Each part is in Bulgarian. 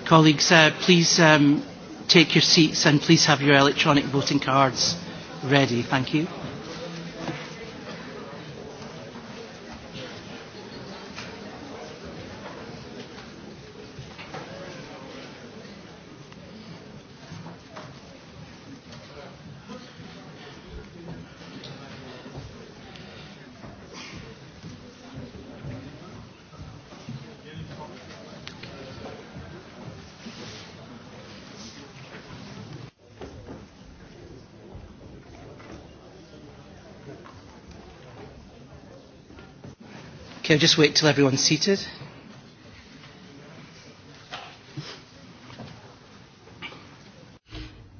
Colleagues, uh, please um, take your seats and please have your electronic voting cards ready. Thank you. Can I just wait till everyone's seated?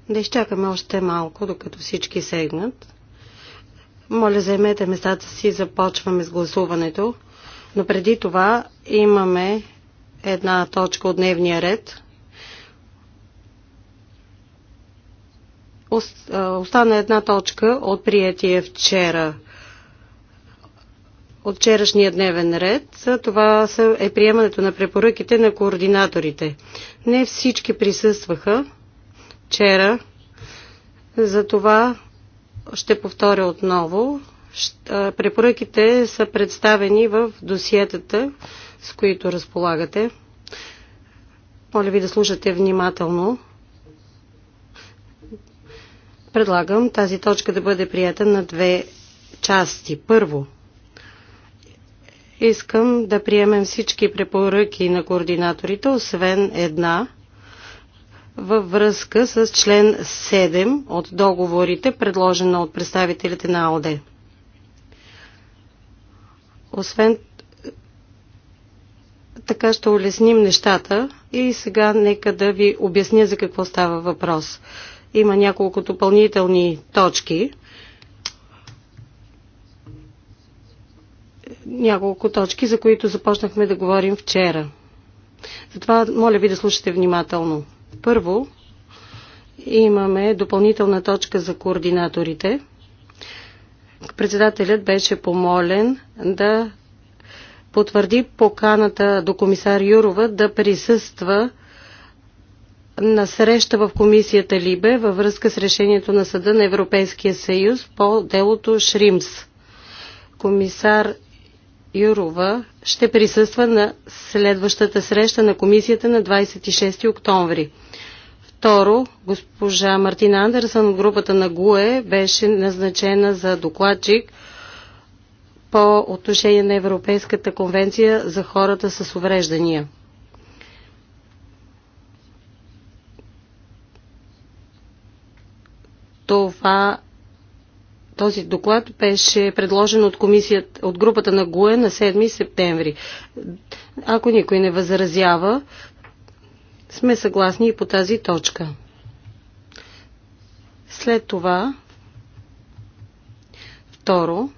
Да изчакаме още малко, докато всички сегнат. Моля, заемете местата си, започваме с гласуването. Но преди това имаме една точка от дневния ред. Остана една точка от приятие вчера от вчерашния дневен ред. Това е приемането на препоръките на координаторите. Не всички присъстваха вчера. За това ще повторя отново. Препоръките са представени в досиетата, с които разполагате. Моля ви да слушате внимателно. Предлагам тази точка да бъде прията на две части. Първо, Искам да приемем всички препоръки на координаторите, освен една във връзка с член 7 от договорите, предложена от представителите на АОД. Освен така ще улесним нещата и сега нека да ви обясня за какво става въпрос. Има няколко допълнителни точки, няколко точки, за които започнахме да говорим вчера. Затова моля ви да слушате внимателно. Първо, имаме допълнителна точка за координаторите. Председателят беше помолен да потвърди поканата до комисар Юрова да присъства на среща в комисията Либе във връзка с решението на Съда на Европейския съюз по делото Шримс. Комисар Юрова ще присъства на следващата среща на комисията на 26 октомври. Второ, госпожа Мартина Андерсън от групата на ГУЕ беше назначена за докладчик по отношение на Европейската конвенция за хората с увреждания. Това този доклад беше предложен от, комисията, от групата на ГУЕ на 7 септември. Ако никой не възразява, сме съгласни и по тази точка. След това, второ,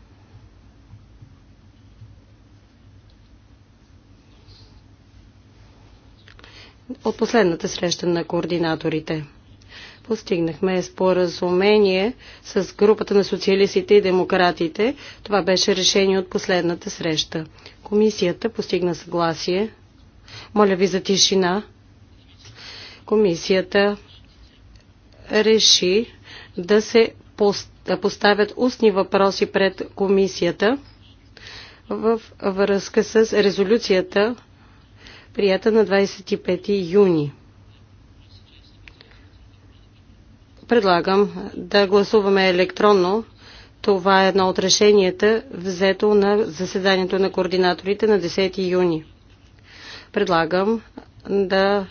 от последната среща на координаторите постигнахме споразумение с групата на социалистите и демократите. Това беше решение от последната среща. Комисията постигна съгласие. Моля ви за тишина. Комисията реши да се поставят устни въпроси пред комисията в връзка с резолюцията, прията на 25 юни. Предлагам да гласуваме електронно. Това е едно от решенията, взето на заседанието на координаторите на 10 юни. Предлагам да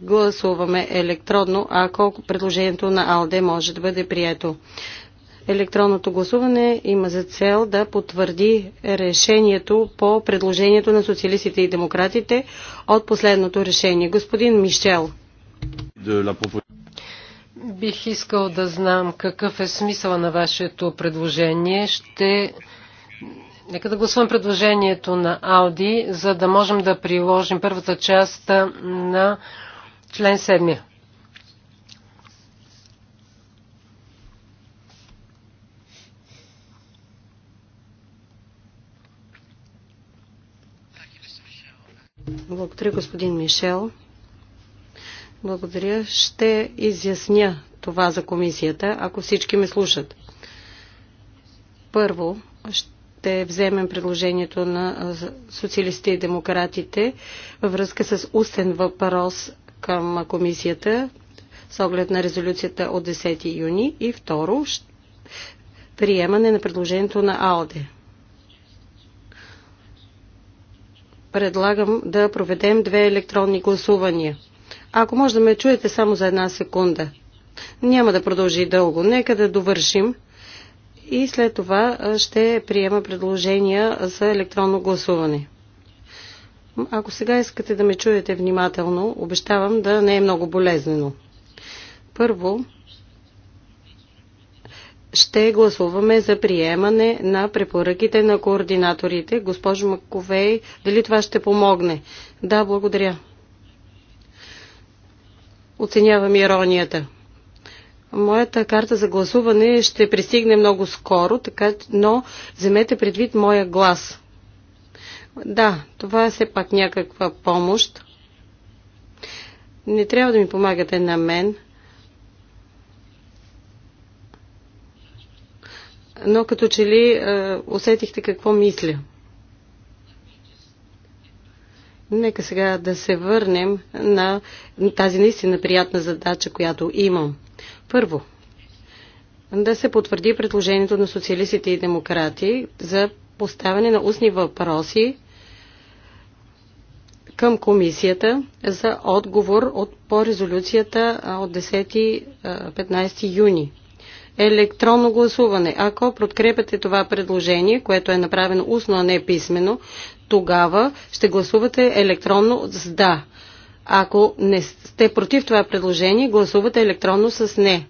гласуваме електронно, ако предложението на АЛДЕ може да бъде прието. Електронното гласуване има за цел да потвърди решението по предложението на социалистите и демократите от последното решение. Господин Мишел. Бих искал да знам какъв е смисъл на вашето предложение. Ще... Нека да гласувам предложението на Ауди, за да можем да приложим първата част на член 7. Благодаря, господин Мишел. Благодаря. Ще изясня това за комисията, ако всички ме слушат. Първо, ще вземем предложението на социалистите и демократите във връзка с устен въпрос към комисията с оглед на резолюцията от 10 юни и второ, приемане на предложението на АОДЕ. Предлагам да проведем две електронни гласувания – ако може да ме чуете само за една секунда. Няма да продължи дълго. Нека да довършим и след това ще приема предложения за електронно гласуване. Ако сега искате да ме чуете внимателно, обещавам да не е много болезнено. Първо, ще гласуваме за приемане на препоръките на координаторите. Госпожо Маковей, дали това ще помогне? Да, благодаря. Оценявам иронията. Моята карта за гласуване ще пристигне много скоро, така, но вземете предвид моя глас. Да, това е все пак някаква помощ. Не трябва да ми помагате на мен. Но като че ли е, усетихте какво мисля. Нека сега да се върнем на тази наистина приятна задача, която имам. Първо, да се потвърди предложението на социалистите и демократи за поставяне на устни въпроси към комисията за отговор от, по резолюцията от 10-15 юни. Електронно гласуване. Ако подкрепяте това предложение, което е направено устно, а не писмено, тогава ще гласувате електронно с да. Ако не сте против това предложение, гласувате електронно с не.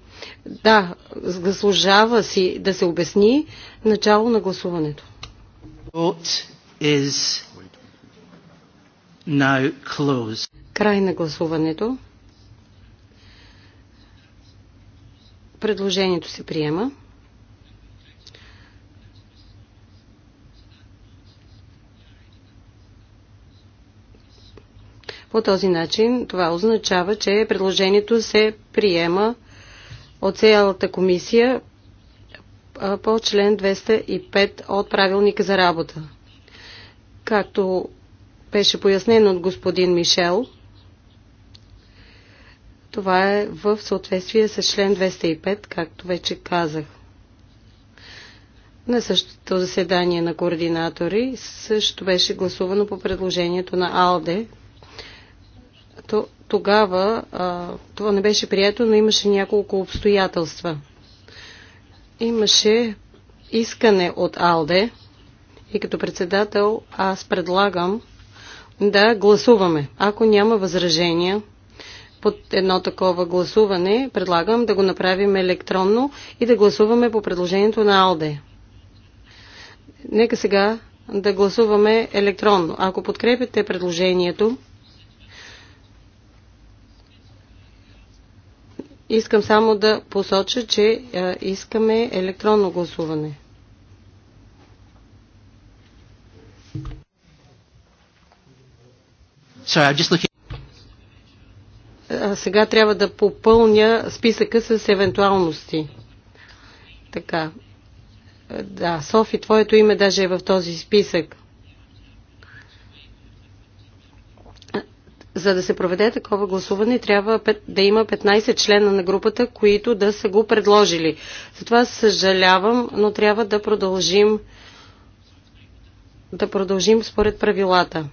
Да, заслужава си да се обясни начало на гласуването. Край на гласуването. Предложението се приема. По този начин това означава, че предложението се приема от цялата комисия по член 205 от правилника за работа. Както беше пояснено от господин Мишел, това е в съответствие с член 205, както вече казах. На същото заседание на координатори също беше гласувано по предложението на АЛДЕ, тогава а, това не беше прието, но имаше няколко обстоятелства. Имаше искане от АЛДЕ и като председател аз предлагам да гласуваме. Ако няма възражения под едно такова гласуване, предлагам да го направим електронно и да гласуваме по предложението на АЛДЕ. Нека сега да гласуваме електронно. Ако подкрепите предложението, Искам само да посоча, че искаме електронно гласуване. Sorry, just looking сега трябва да попълня списъка с евентуалности. Така. Да, Софи, твоето име даже е в този списък. За да се проведе такова гласуване, трябва да има 15 члена на групата, които да са го предложили. Затова съжалявам, но трябва да продължим да продължим според правилата.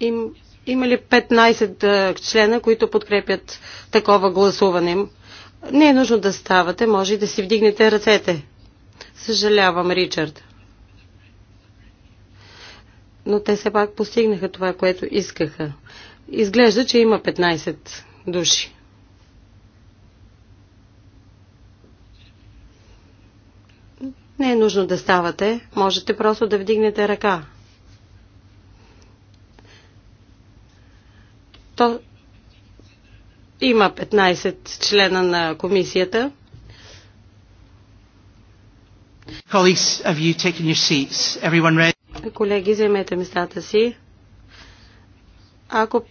Им, има ли 15 члена, които подкрепят такова гласуване? Не е нужно да ставате, може и да си вдигнете ръцете. Съжалявам, Ричард но те все пак постигнаха това, което искаха. Изглежда, че има 15 души. Не е нужно да ставате, можете просто да вдигнете ръка. То има 15 члена на комисията. Colleagues, have you taken your seats? Everyone ready? Колеги, вземете местата си. Ако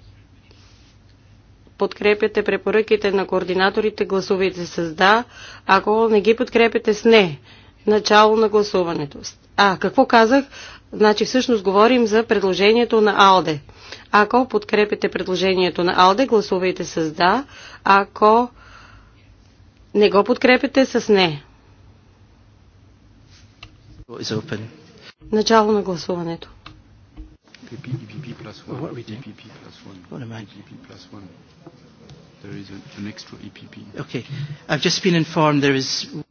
подкрепяте препоръките на координаторите, гласувайте с да. Ако не ги подкрепяте с не, начало на гласуването. А, какво казах? Значи всъщност говорим за предложението на АЛДЕ. Ако подкрепите предложението на АЛДЕ, гласувайте с да. Ако не го подкрепите с не. Is open. Начало на гласуването.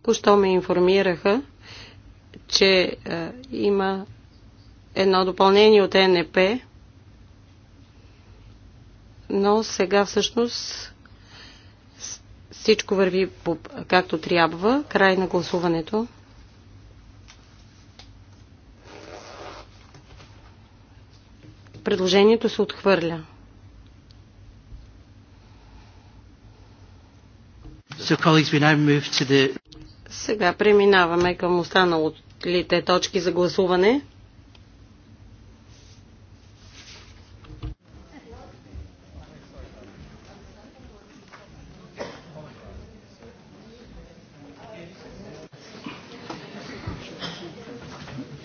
Пощо ме информираха, че е, има едно допълнение от НП, но сега всъщност всичко върви както трябва. Край на гласуването. Предложението се отхвърля. Сега преминаваме към останалите точки за гласуване.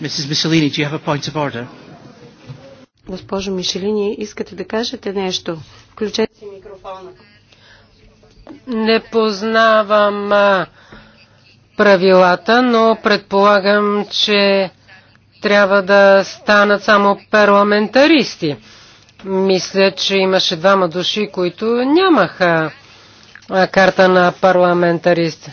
Mrs. Mussolini, do you have a point of order? Госпожо Мишелини, искате да кажете нещо? Включете си микрофона. Не познавам правилата, но предполагам, че трябва да станат само парламентаристи. Мисля, че имаше двама души, които нямаха карта на парламентарист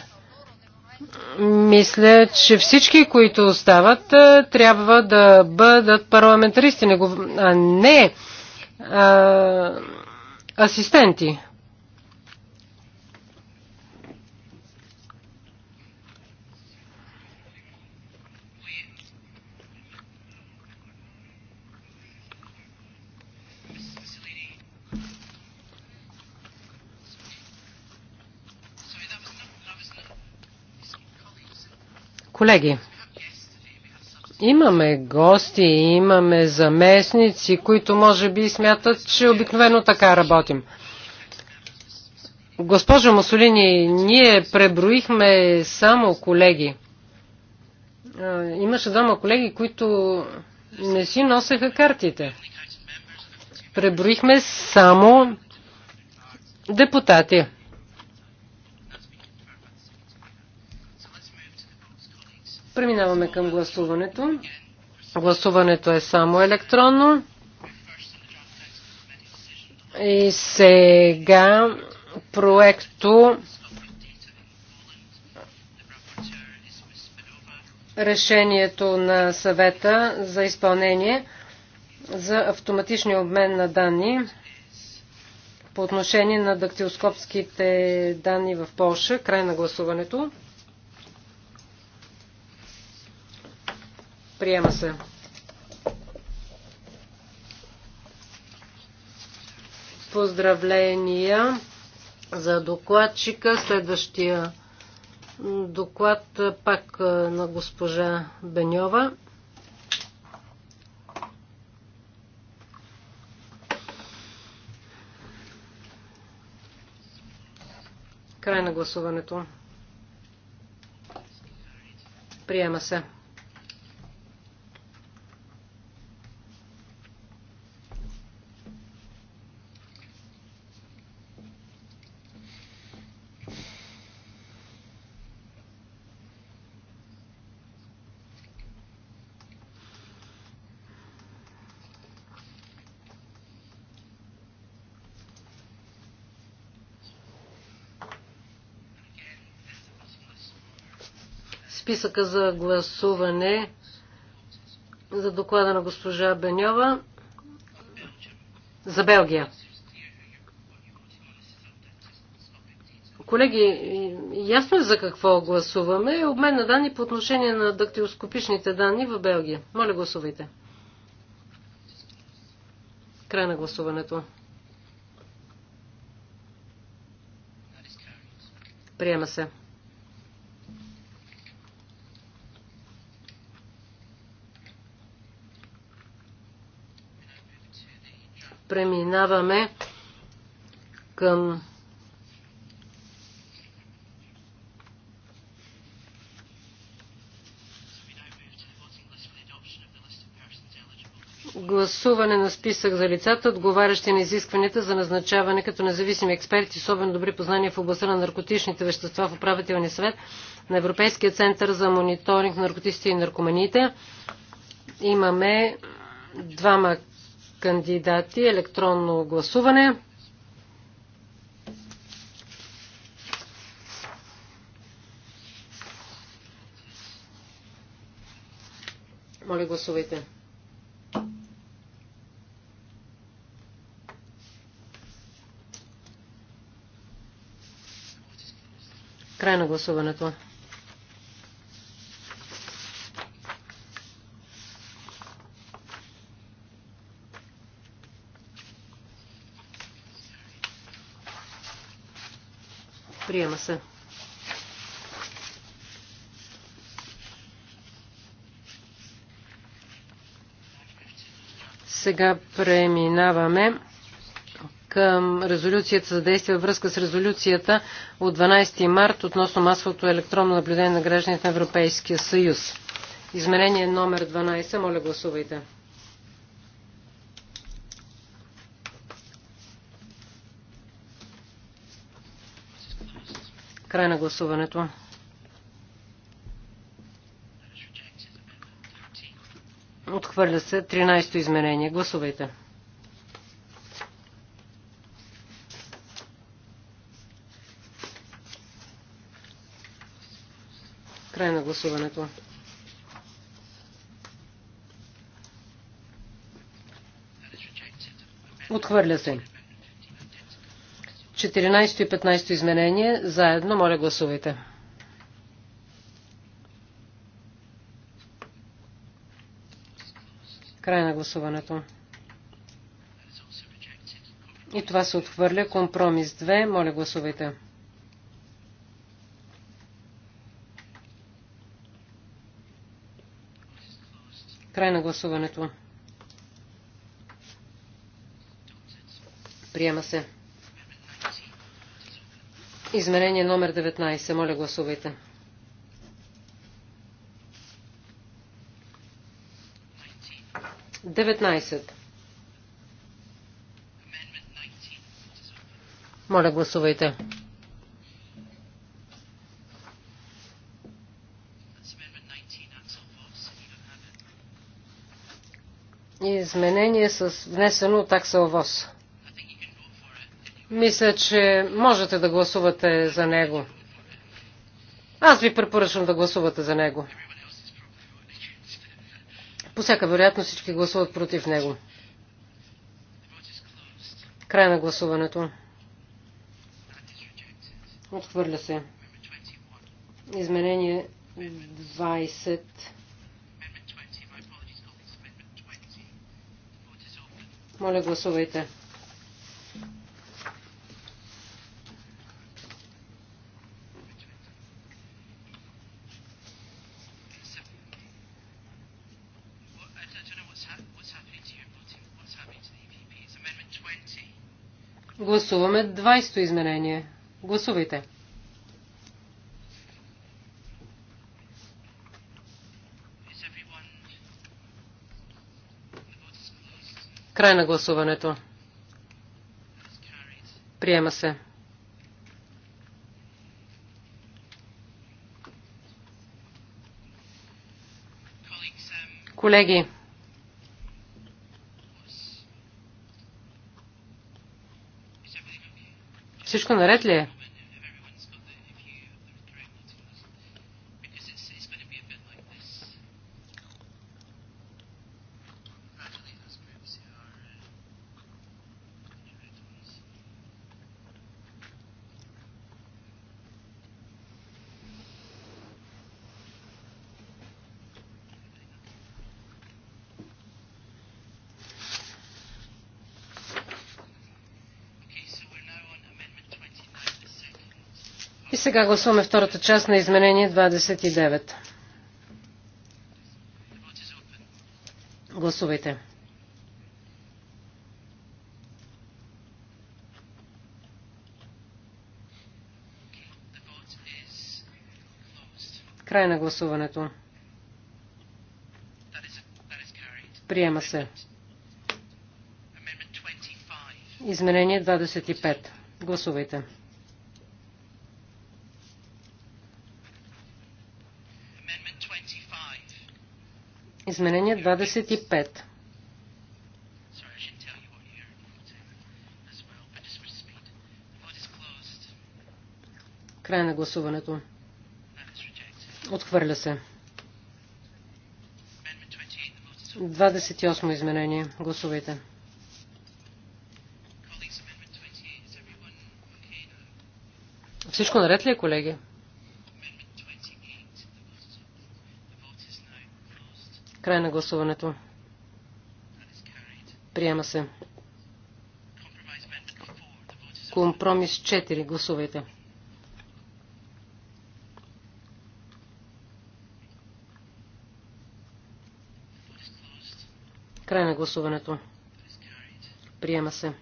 мисля, че всички, които остават, е, трябва да бъдат парламентаристи, а не а, асистенти. Колеги, имаме гости, имаме заместници, които може би смятат, че обикновено така работим. Госпожо Мусолини, ние преброихме само колеги. Имаше двама колеги, които не си носеха картите. Преброихме само депутати. Преминаваме към гласуването. Гласуването е само електронно. И сега проекто решението на съвета за изпълнение за автоматичния обмен на данни по отношение на дактилоскопските данни в Польша. Край на гласуването. Приема се. Поздравления за докладчика. Следващия доклад пак на госпожа Беньова. Край на гласуването. Приема се. списъка за гласуване за доклада на госпожа Беньова за Белгия. Колеги, ясно е за какво гласуваме. Е обмен на данни по отношение на дактилоскопичните данни в Белгия. Моля, гласувайте. Край на гласуването. Приема се. преминаваме към гласуване на списък за лицата, отговарящи на изискванията за назначаване като независими експерти, особено добри познания в областта на наркотичните вещества в управителния съвет на Европейския център за мониторинг на наркотиците и наркоманиите. Имаме двама кандидати. Електронно гласуване. Моля, гласувайте. Край на гласуването. Приема се. Сега преминаваме към резолюцията за действие във връзка с резолюцията от 12 март относно масовото електронно наблюдение на гражданите на Европейския съюз. Изменение номер 12. Моля гласувайте. Край на гласуването. Отхвърля се 13-то изменение. Гласувайте. Край на гласуването. Отхвърля се. 14 и 15 изменение заедно. Моля, гласувайте. Край на гласуването. И това се отхвърля. Компромис 2. Моля, гласувайте. Край на гласуването. Приема се. Изменение номер 19. Моля, гласувайте. Деветнайсет. Моля, гласувайте. Изменение с внесено от Аксел ВОЗ. Мисля, че можете да гласувате за него. Аз ви препоръчвам да гласувате за него. По всяка вероятност всички гласуват против него. Край на гласуването. Отхвърля се. Изменение 20. Моля, гласувайте. Гласуваме 20-то изменение. Гласувайте. Край на гласуването. Приема се. Колеги, Всичко наред ли е? сега гласуваме втората част на изменение 29. Гласувайте. Край на гласуването. Приема се. Изменение 25. Гласувайте. Изменение 25. Край на гласуването. Отхвърля се. 28 изменение. Гласувайте. Всичко наред ли е, колеги? Край на гласуването. Приема се. Компромис 4. Гласувайте. Край на гласуването. Приема се.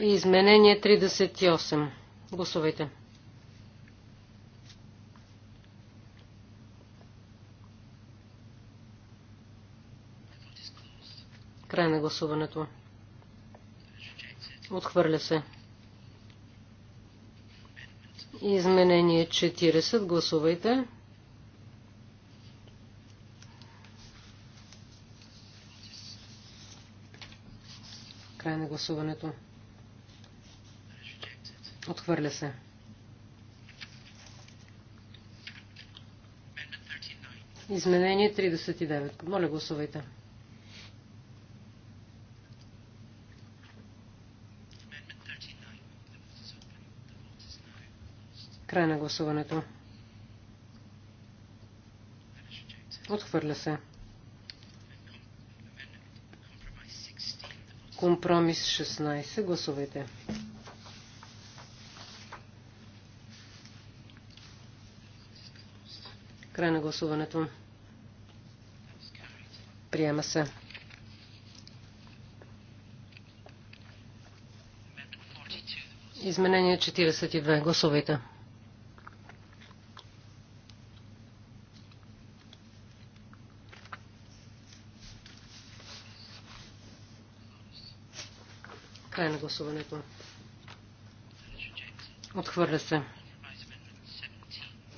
изменение 38. Гласувайте. Край на гласуването. Отхвърля се. Изменение 40. Гласувайте. Край на гласуването. Отхвърля се. Изменение 39. Моля, гласувайте. Край на гласуването. Отхвърля се. Компромис 16. Гласувайте. Край на гласуването. Приема се. Изменение 42. Гласувайте. гласуването. Отхвърля се.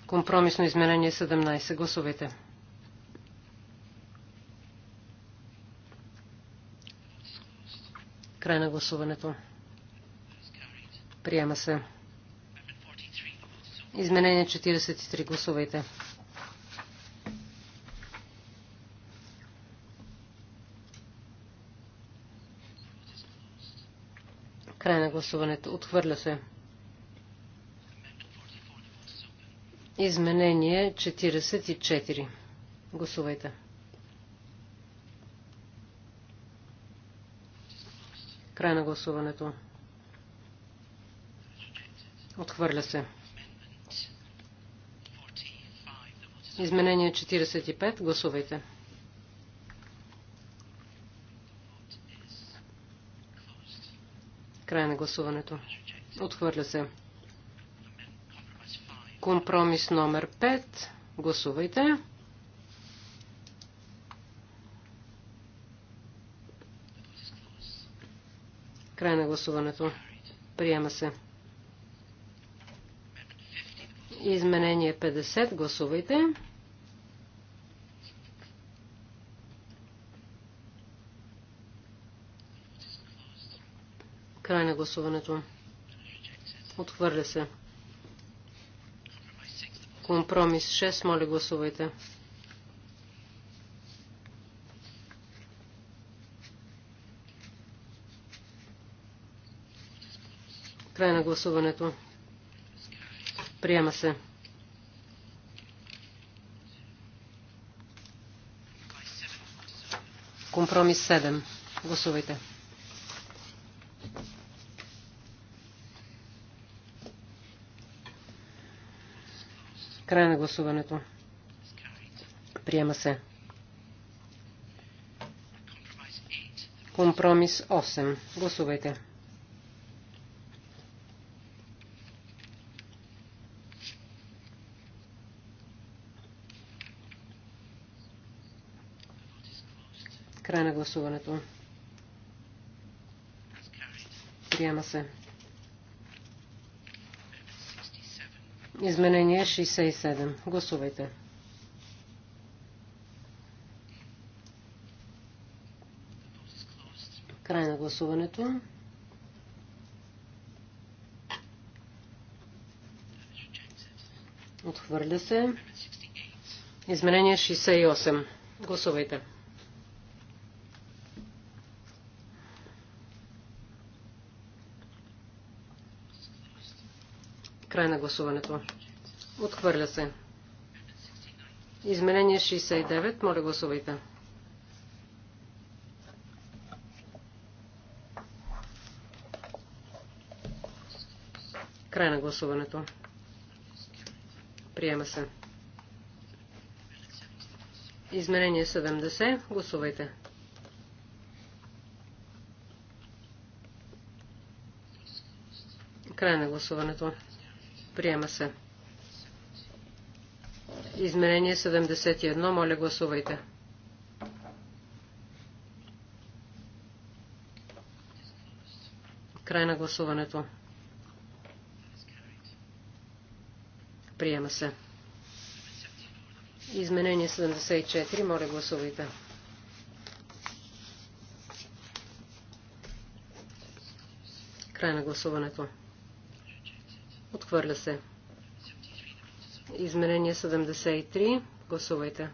Компромисно изменение 17. Гласувайте. Край на гласуването. Приема се. Изменение 43. Гласувайте. гласуването. Отхвърля се. Изменение 44. Гласувайте. Край на гласуването. Отхвърля се. Изменение 45. Гласувайте. Край на гласуването. Отхвърля се. Компромис номер 5. Гласувайте. Край на гласуването. Приема се. Изменение 50. Гласувайте. Край на гласуването. Отхвърля се. Компромис 6. Моля гласувайте. Край на гласуването. Приема се. Компромис 7. Гласувайте. Край на гласуването. Приема се. Компромис 8. Гласувайте. Край на гласуването. Приема се. Изменение 67. Гласувайте. Край на гласуването. Отхвърля се. Изменение 68. Гласувайте. Край на гласуването. Отхвърля се. Изменение 69. Моля гласувайте. Край на гласуването. Приема се. Изменение 70. Гласувайте. Край на гласуването. Приема се. Изменение 71. Моля, гласувайте. Край на гласуването. Приема се. Изменение 74. Моля, гласувайте. Край на гласуването. Отхвърля се. Изменение 73. Гласувайте.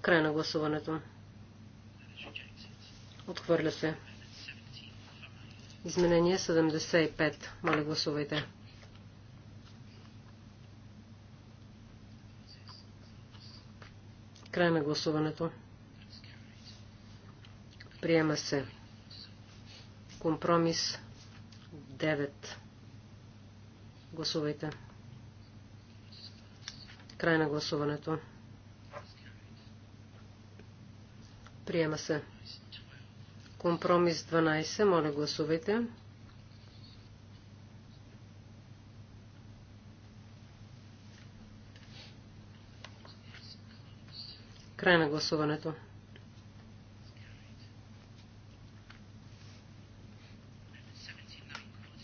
Край на гласуването. Отхвърля се. Изменение 75. Моля, гласувайте. Край на гласуването. Приема се. Компромис 9. Гласувайте. Край на гласуването. Приема се. Компромис 12. Моля, гласувайте. Край на гласуването.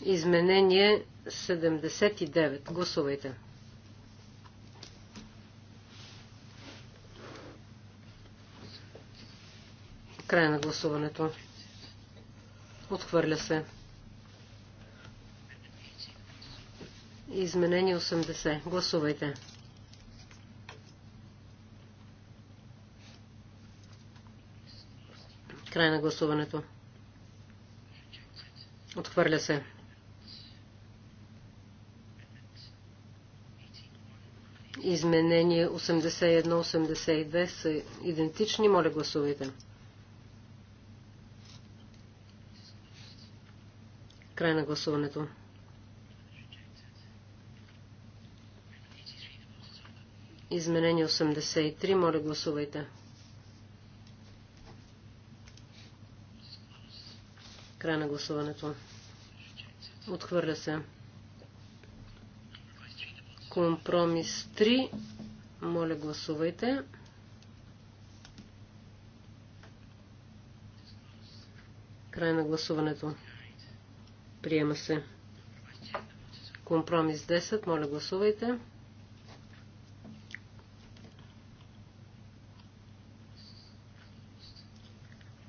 Изменение 79. Гласувайте. Край на гласуването. Отхвърля се. Изменение 80. Гласувайте. Край на гласуването. Отхвърля се. Изменение 81-82 са идентични. Моля гласувайте. Край на гласуването. Изменение 83. Моля гласувайте. Край на гласуването. Отхвърля се. Компромис 3. Моля, гласувайте. Край на гласуването. Приема се. Компромис 10. Моля, гласувайте.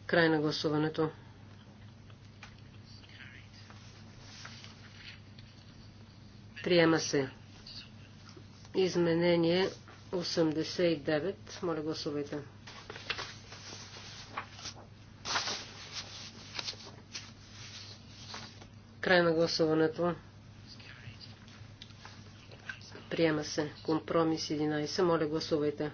Край на гласуването. Приема се. Изменение 89. Моля гласувайте. Край на гласуването. Приема се. Компромис 11. Моля гласувайте.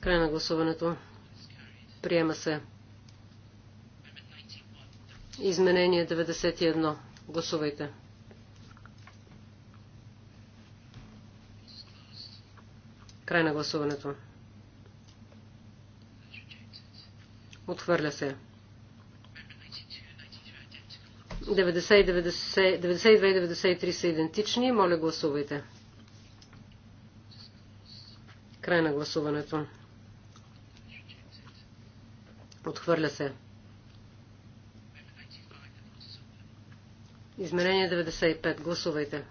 Край на гласуването. Приема се. Изменение 91. Гласувайте. Край на гласуването. Отхвърля се. 92 и 93 са идентични. Моля, гласувайте. Край на гласуването. Отхвърля се. Изменение 95. Гласувайте.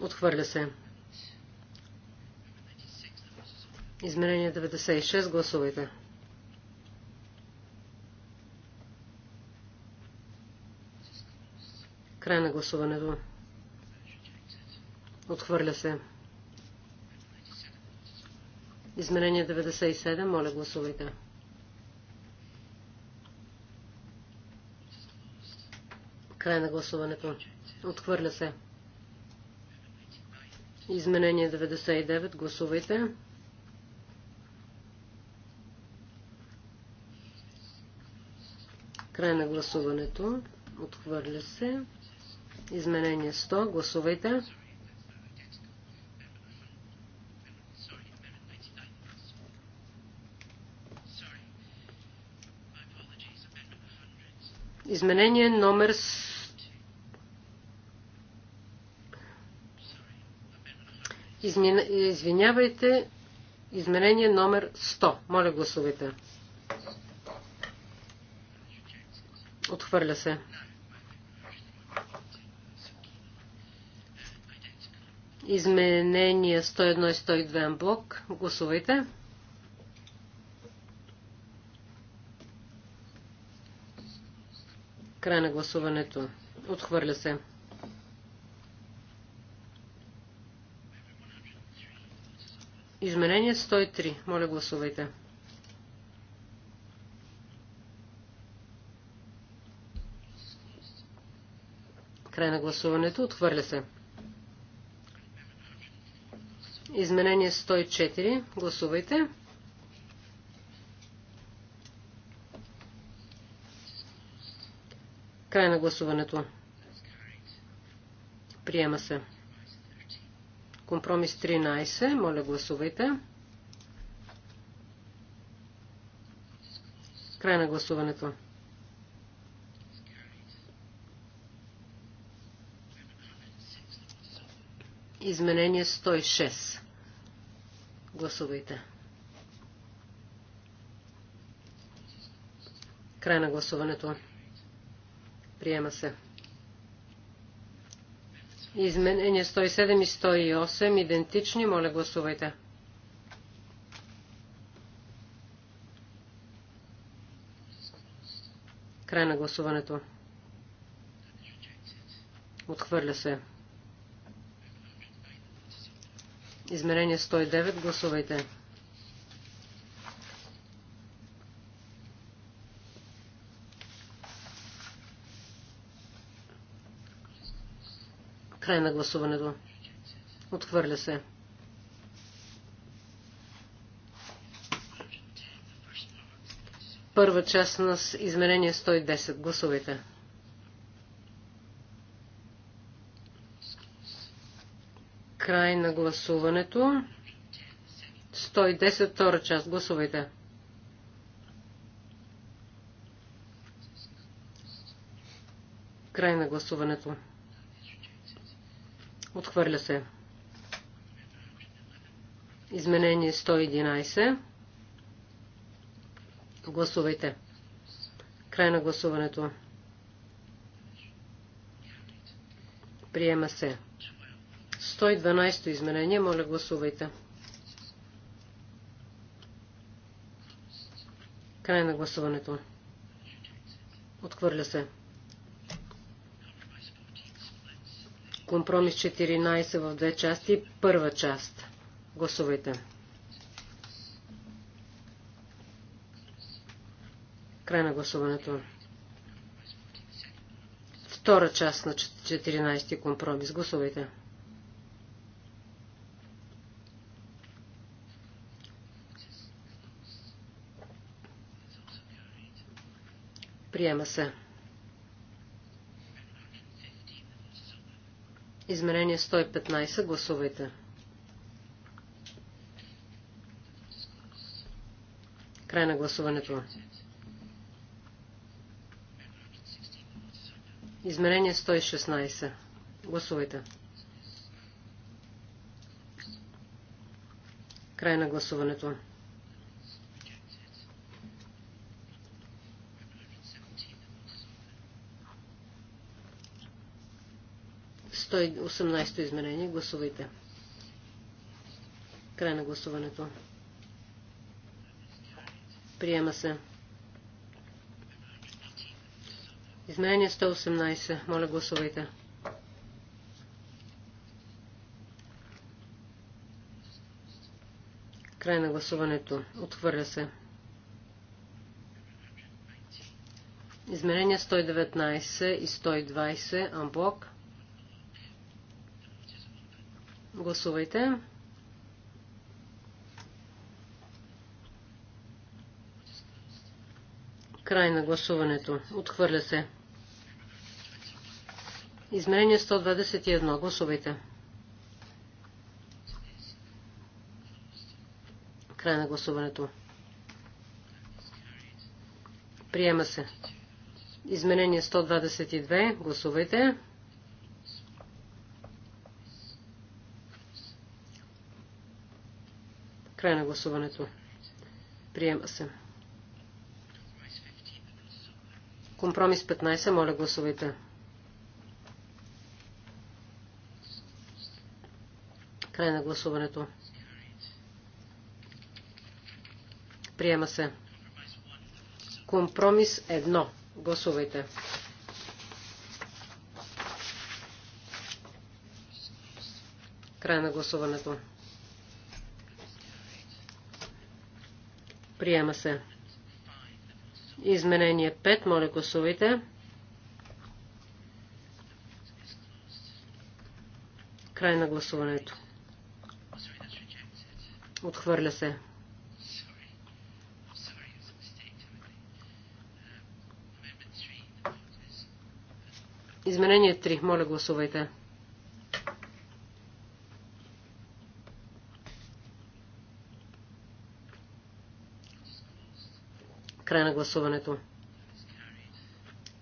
Отхвърля се. Измерение 96. Гласувайте. Край на гласуването. Отхвърля се. Изменение 97. Моля, гласувайте. Край на гласуването. Отхвърля се. Изменение 99. Гласувайте. Край на гласуването. Отхвърля се. Изменение 100. Гласувайте. Изменение номер... Измен... Извинявайте, изменение номер 100. Моля гласувайте. Отхвърля се. Изменение 101 и 102 блок. Гласувайте. Край на гласуването. Отхвърля се. Изменение 103. Моля гласувайте. Край на гласуването. Отхвърля се. Изменение 104. Гласувайте. Край на гласуването. Приема се. Компромис 13. Моля, гласувайте. Край на гласуването. Изменение 106. Гласувайте. Край на гласуването. Приема се. Изменения 107 и 108 идентични. Моля, гласувайте. Край на гласуването. Отхвърля се. Измерение 109. Гласувайте. Край на гласуването. Отхвърля се. Първа част на изменение 110. Гласувайте. Край на гласуването. 110. Втора част. Гласувайте. Край на гласуването. Отхвърля се. Изменение 111. Гласувайте. Край на гласуването. Приема се. 112 изменение. Моля, гласувайте. Край на гласуването. Отхвърля се. Компромис 14 в две части. Първа част. Гласувайте. Край на гласуването. Втора част на 14 компромис. Гласувайте. Приема се. Измерение 115. Гласувайте. Край на гласуването. Измерение 116. Гласувайте. Край на гласуването. 118 изменение. Гласувайте. Край на гласуването. Приема се. Изменение 118. Моля, гласувайте. Край на гласуването. Отхвърля се. Измерения 119 и 120 амблок. Гласувайте. Край на гласуването. Отхвърля се. Измерение 121. Гласувайте. Край на гласуването. Приема се. Изменение 122. Гласувайте. Край на гласуването. Приема се. Компромис 15. Моля гласувайте. Край на гласуването. Приема се. Компромис 1. Гласувайте. Край на гласуването. Приема се. Изменение 5. Моля гласувайте. Край на гласуването. Отхвърля се. Изменение 3. Моля гласувайте. Край на гласуването.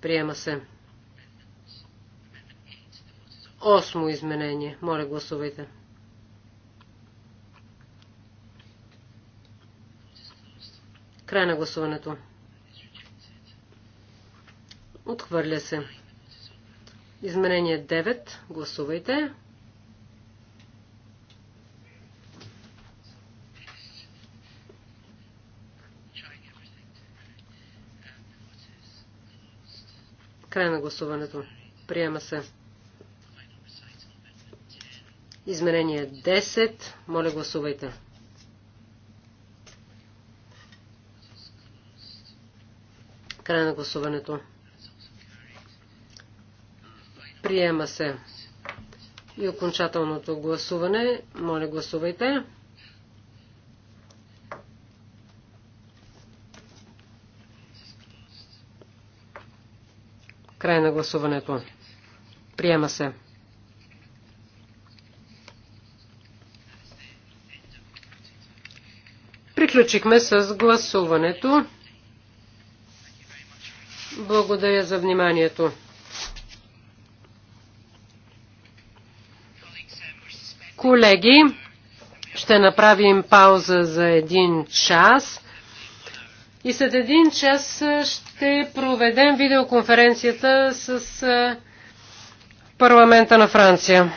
Приема се. Осмо изменение. Моля, гласувайте. Край на гласуването. Отхвърля се. Изменение 9. Гласувайте. Край на гласуването. Приема се. Изменение 10. Моля гласувайте. Край на гласуването. Приема се. И окончателното гласуване. Моля гласувайте. Край на гласуването. Приема се. Приключихме с гласуването. Благодаря за вниманието. Колеги, ще направим пауза за един час. И след един час ще проведем видеоконференцията с парламента на Франция.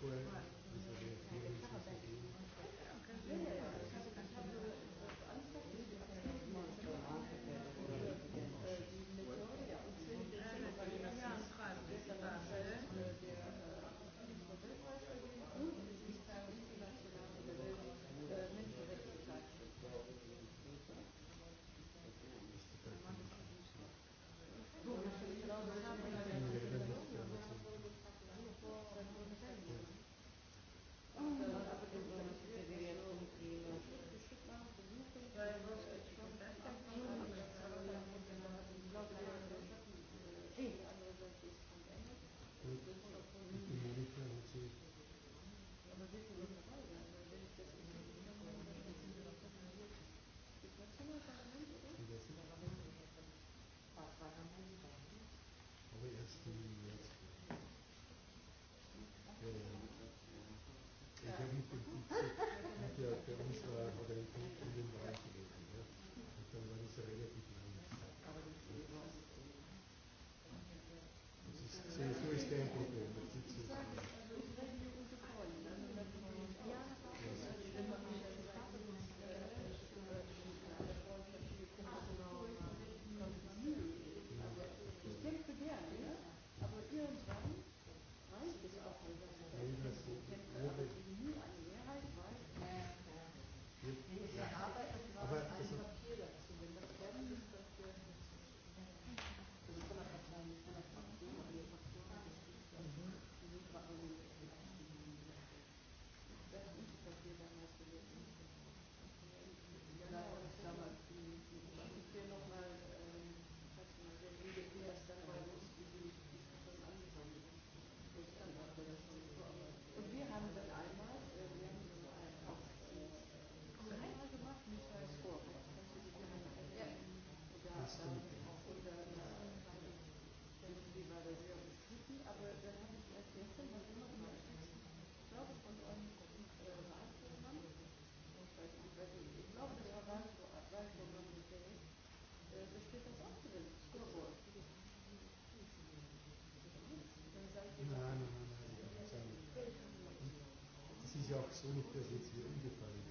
fue auch so nicht, dass jetzt hier umgefallen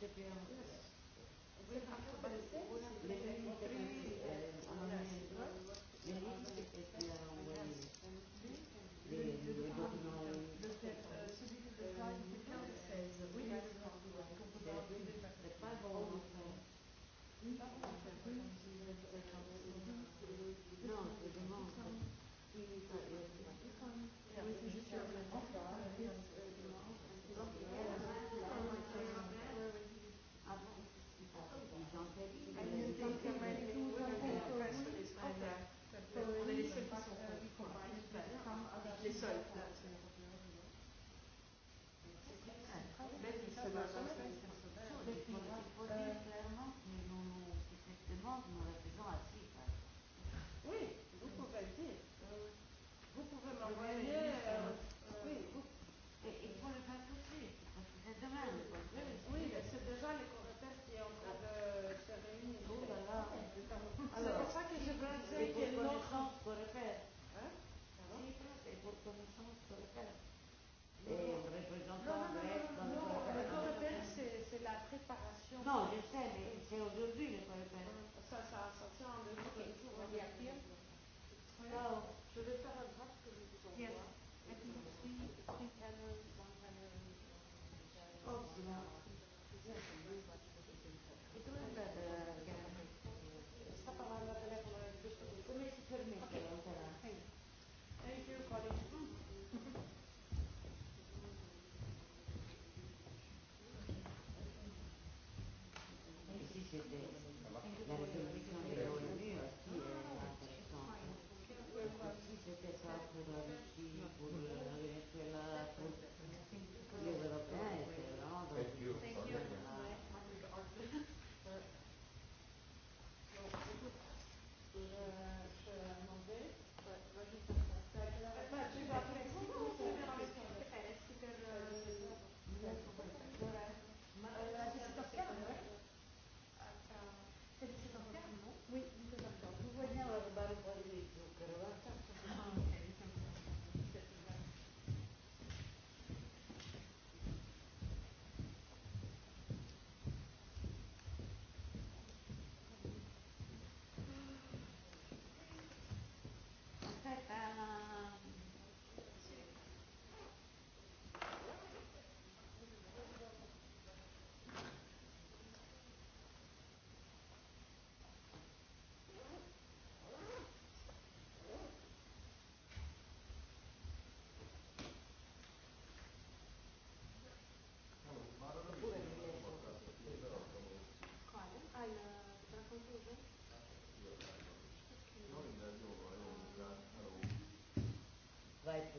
Yes. We have to balance е по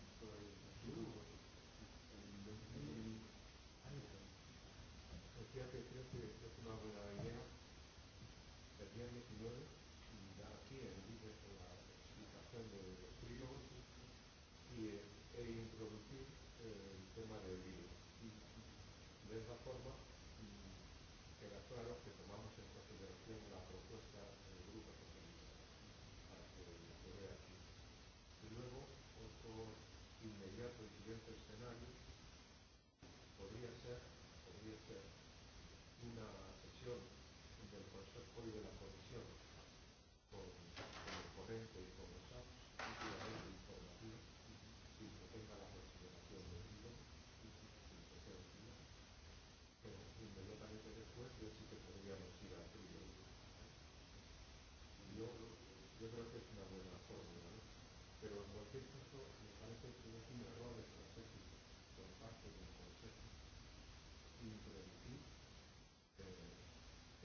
Thank creo que es una buena idea día 19 aquí la explicación de y, introducir el tema del De esa forma queda claro que tomamos en consideración la propuesta del grupo para que se aquí. Y luego, otro inmediato y siguiente escenario posición del Consejo y de la Comisión con, con el ponente y con los SAPs últimamente informativa sin que tenga la consideración de mundo sin que sea un pero inmediatamente después yo sí que podríamos ir a tuyo yo, yo creo que es una buena fórmula ¿no? pero en cualquier caso me parece que es un error estratégico por parte del Consejo introducir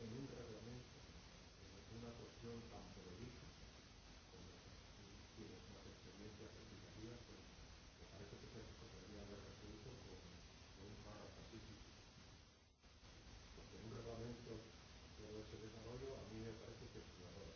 en un reglamento, en una cuestión tan poderosa como tiene unas experiencias legislativas, pues me parece que se podría haber resuelto con, con un paro pacífico. Porque un reglamento de ese desarrollo a mí me parece que es una error.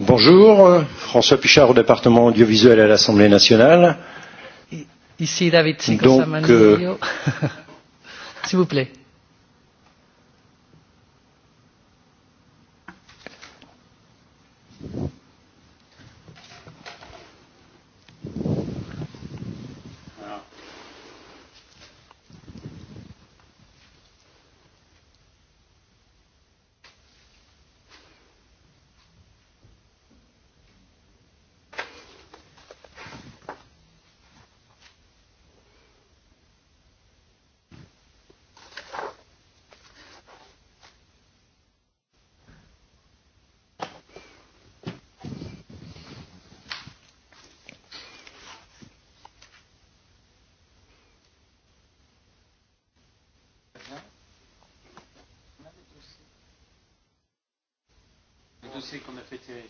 Bonjour, François Pichard au département audiovisuel à l'Assemblée nationale. Ici David Sikosamani. euh, S'il vous plaît. fait tirer.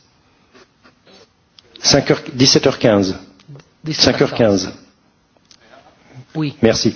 5h, h 15 5 17h15. Oui. Merci.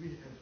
we have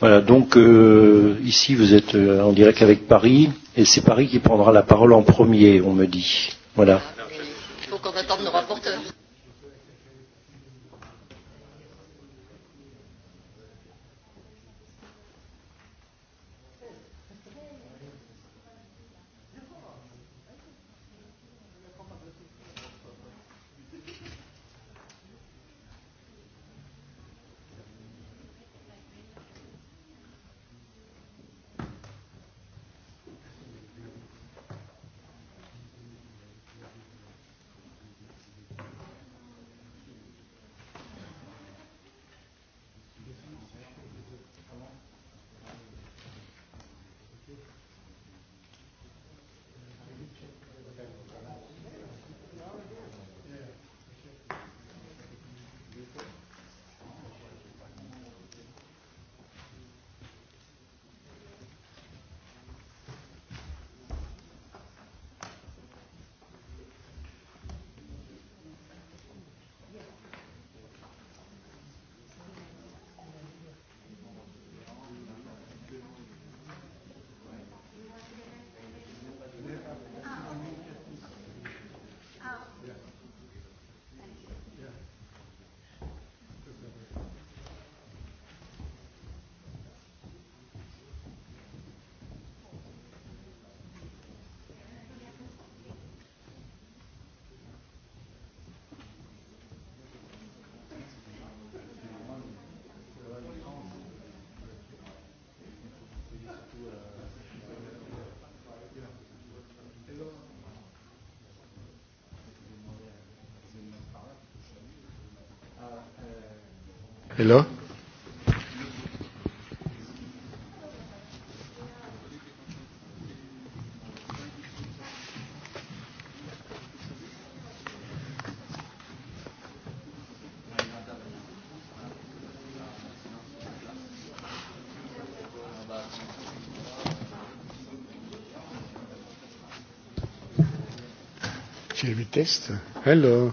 Voilà, donc euh, ici vous êtes en direct avec Paris, et c'est Paris qui prendra la parole en premier, on me dit. Voilà. Hello? Hello.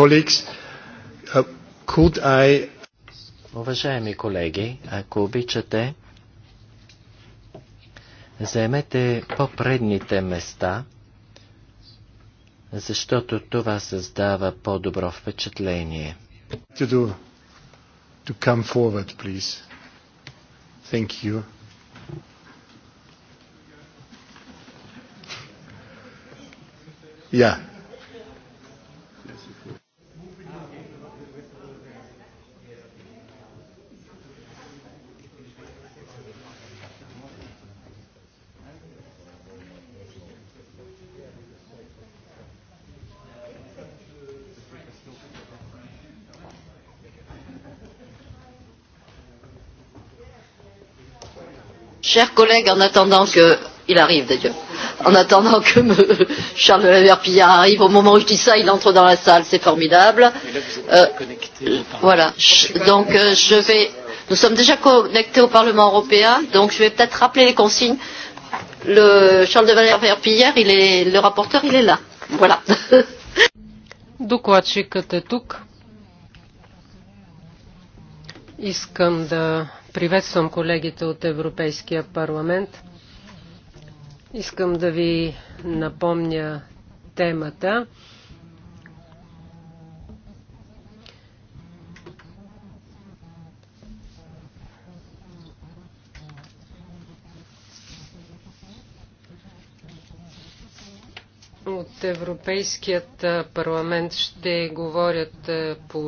colleagues, uh, could I... Уважаеми колеги, ако обичате, вземете по-предните места, защото това създава по-добро впечатление. To do, to come forward, please. Thank you. Yeah. Chers collègues, en attendant que il arrive d'ailleurs. En attendant que me, Charles Verpillard arrive, au moment où je dis ça, il entre dans la salle, c'est formidable. Euh, voilà. Donc euh, je vais. Nous sommes déjà connectés au Parlement européen, donc je vais peut-être rappeler les consignes. Le Charles de Valère Verpillard, il est le rapporteur, il est là. Voilà. Докладчикът е тук. Искам да Приветствам колегите от Европейския парламент. Искам да ви напомня темата. От Европейският парламент ще говорят е, по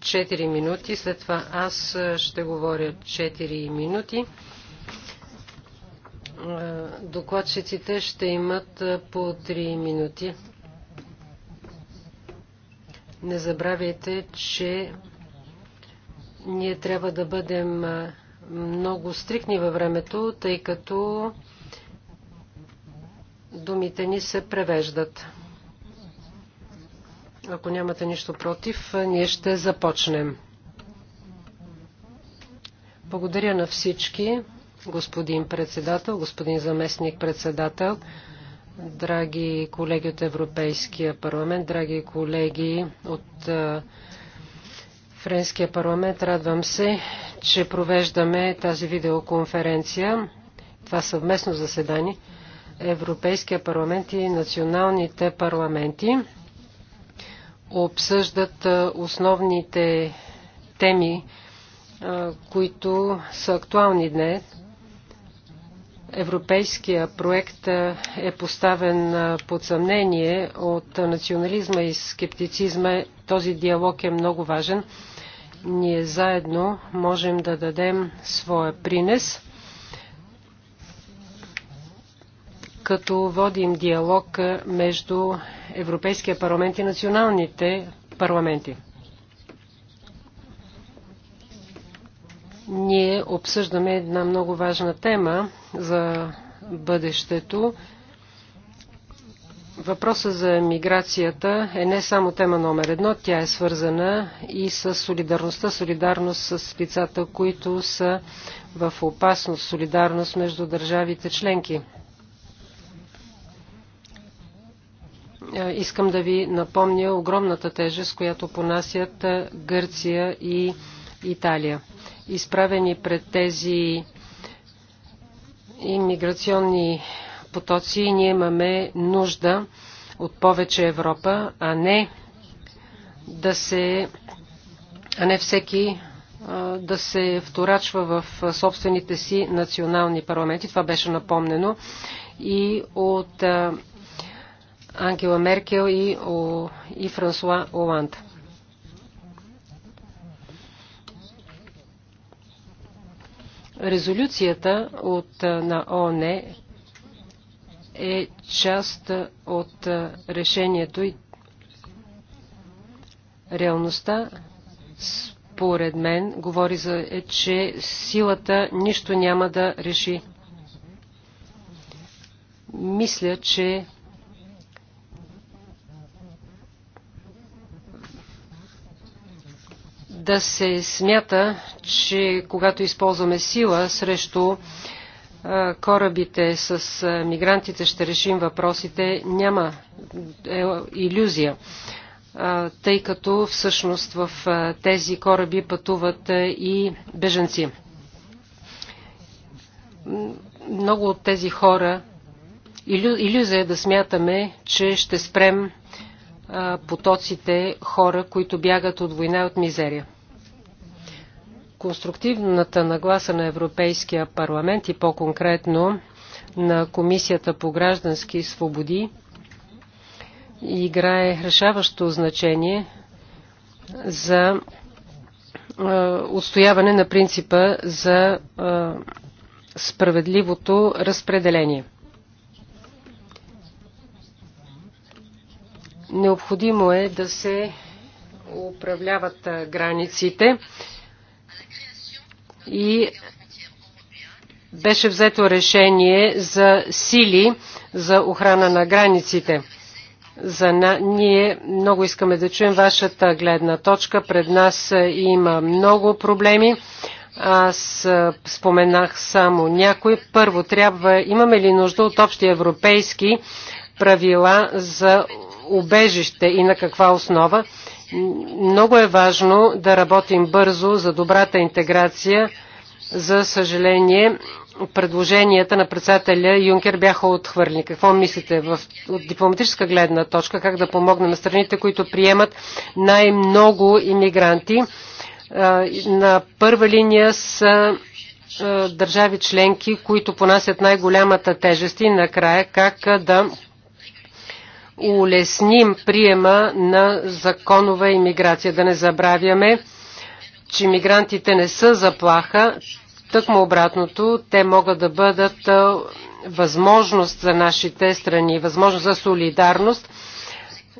4 минути, след това аз ще говоря 4 минути. Докладчиците ще имат по 3 минути. Не забравяйте, че ние трябва да бъдем много стрикни във времето, тъй като думите ни се превеждат. Ако нямате нищо против, ние ще започнем. Благодаря на всички, господин председател, господин заместник председател, драги колеги от Европейския парламент, драги колеги от Френския парламент. Радвам се, че провеждаме тази видеоконференция, това съвместно заседание. Европейския парламент и националните парламенти обсъждат основните теми, които са актуални днес. Европейския проект е поставен под съмнение от национализма и скептицизма. Този диалог е много важен. Ние заедно можем да дадем своя принес като водим диалог между Европейския парламент и националните парламенти. Ние обсъждаме една много важна тема за бъдещето. Въпросът за миграцията е не само тема номер едно, тя е свързана и с солидарността, солидарност с лицата, които са в опасност, солидарност между държавите членки. Е, искам да ви напомня огромната тежест, която понасят е, Гърция и Италия. Изправени пред тези иммиграционни потоци, ние имаме нужда от повече Европа, а не да се а не всеки е, да се вторачва в собствените си национални парламенти. Това беше напомнено и от Ангела Меркел и, О, и Франсуа Оланд. Резолюцията от, на ООН е част от решението и реалността, според мен, говори за е, че силата нищо няма да реши. Мисля, че да се смята, че когато използваме сила срещу корабите с мигрантите ще решим въпросите, няма е, иллюзия, тъй като всъщност в тези кораби пътуват и беженци. Много от тези хора, иллю, иллюзия е да смятаме, че ще спрем потоците хора, които бягат от война и от мизерия конструктивната нагласа на Европейския парламент и по-конкретно на Комисията по граждански свободи играе решаващо значение за е, отстояване на принципа за е, справедливото разпределение. Необходимо е да се управляват е, границите и беше взето решение за сили за охрана на границите. За на... Ние много искаме да чуем вашата гледна точка. Пред нас има много проблеми. Аз споменах само някой. Първо, трябва, имаме ли нужда от общи европейски правила за убежище и на каква основа? Много е важно да работим бързо за добрата интеграция. За съжаление, предложенията на председателя Юнкер бяха отхвърлени. Какво мислите в, от дипломатическа гледна точка? Как да помогнем на страните, които приемат най-много иммигранти? На първа линия са държави членки, които понасят най-голямата тежест и накрая как да улесним приема на законова иммиграция. Да не забравяме, че мигрантите не са заплаха, тъкмо обратното, те могат да бъдат възможност за нашите страни, възможност за солидарност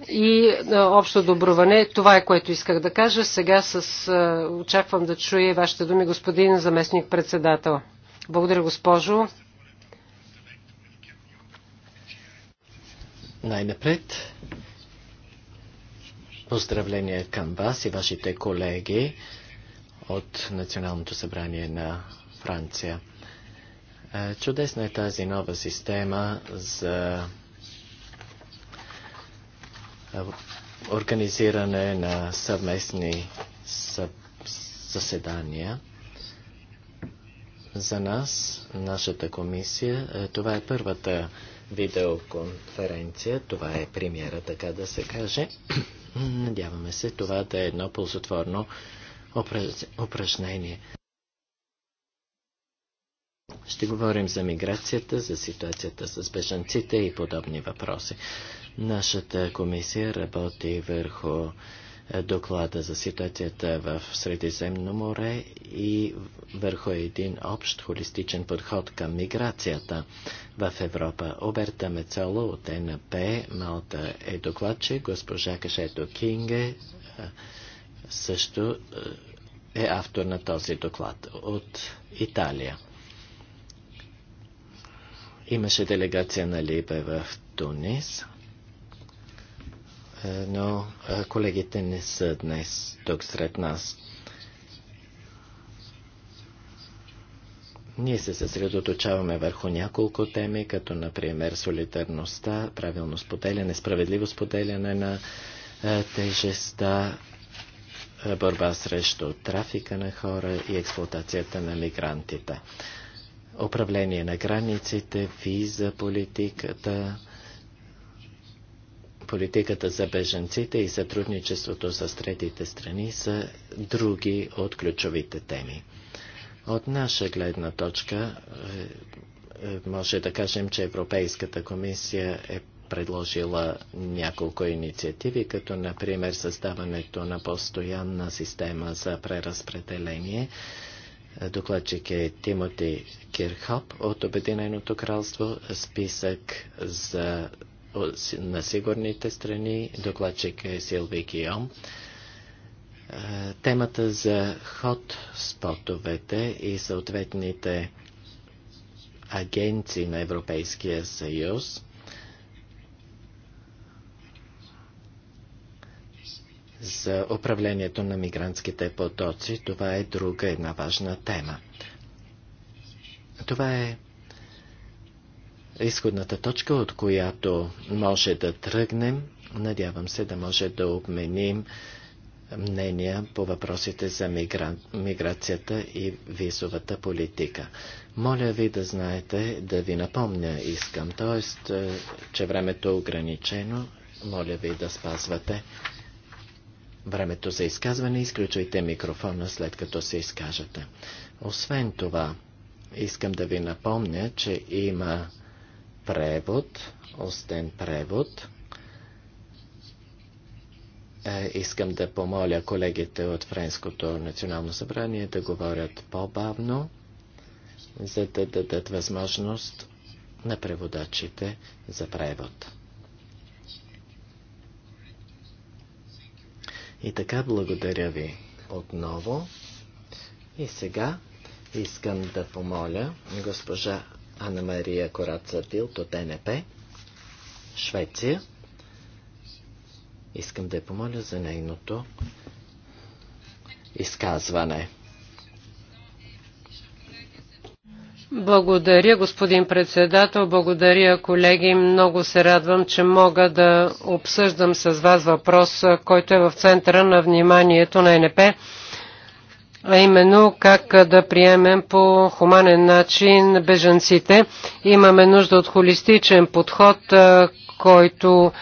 и общо доброване. Това е което исках да кажа. Сега с, очаквам да чуя вашите думи, господин заместник председател. Благодаря, госпожо. Най-напред, поздравления към вас и вашите колеги от Националното събрание на Франция. Е, чудесна е тази нова система за е, организиране на съвместни заседания. За нас, нашата комисия, е, това е първата видеоконференция. Това е премиера, така да се каже. Надяваме се това да е едно ползотворно упражнение. Ще говорим за миграцията, за ситуацията с бежанците и подобни въпроси. Нашата комисия работи върху доклада за ситуацията в Средиземно море и върху един общ холистичен подход към миграцията в Европа. Оберта Мецоло от НП, Малта е докладче, госпожа Кашето Кинге също е автор на този доклад от Италия. Имаше делегация на Либе в Тунис – е, но е, колегите не са днес тук сред нас. Ние се съсредоточаваме върху няколко теми, като например солидарността, правилно споделяне, справедливо споделяне на е, тежеста, борба срещу трафика на хора и експлуатацията на мигрантите. Управление на границите, виза, политиката, политиката за беженците и сътрудничеството с третите страни са други от ключовите теми. От наша гледна точка е, е, може да кажем, че Европейската комисия е предложила няколко инициативи, като например създаването на постоянна система за преразпределение. Докладчик е Тимоти Кирхоп от Обединеното кралство, списък за на сигурните страни. Докладчик е Силви Киом. Е, темата за ход спотовете и съответните агенции на Европейския съюз за управлението на мигрантските потоци. Това е друга една важна тема. Това е изходната точка, от която може да тръгнем. Надявам се да може да обменим мнения по въпросите за мигра... миграцията и визовата политика. Моля ви да знаете, да ви напомня искам, т.е. че времето е ограничено. Моля ви да спазвате времето за изказване. Изключвайте микрофона след като се изкажете. Освен това, искам да ви напомня, че има превод, остен превод. Е, искам да помоля колегите от Френското национално събрание да говорят по-бавно, за да дадат възможност на преводачите за превод. И така, благодаря ви отново. И сега искам да помоля госпожа Анна Мария Кораца Тилт от НП, Швеция. Искам да я помоля за нейното изказване. Благодаря, господин председател. Благодаря, колеги. Много се радвам, че мога да обсъждам с вас въпрос, който е в центъра на вниманието на НП а именно как да приемем по хуманен начин бежанците. Имаме нужда от холистичен подход, който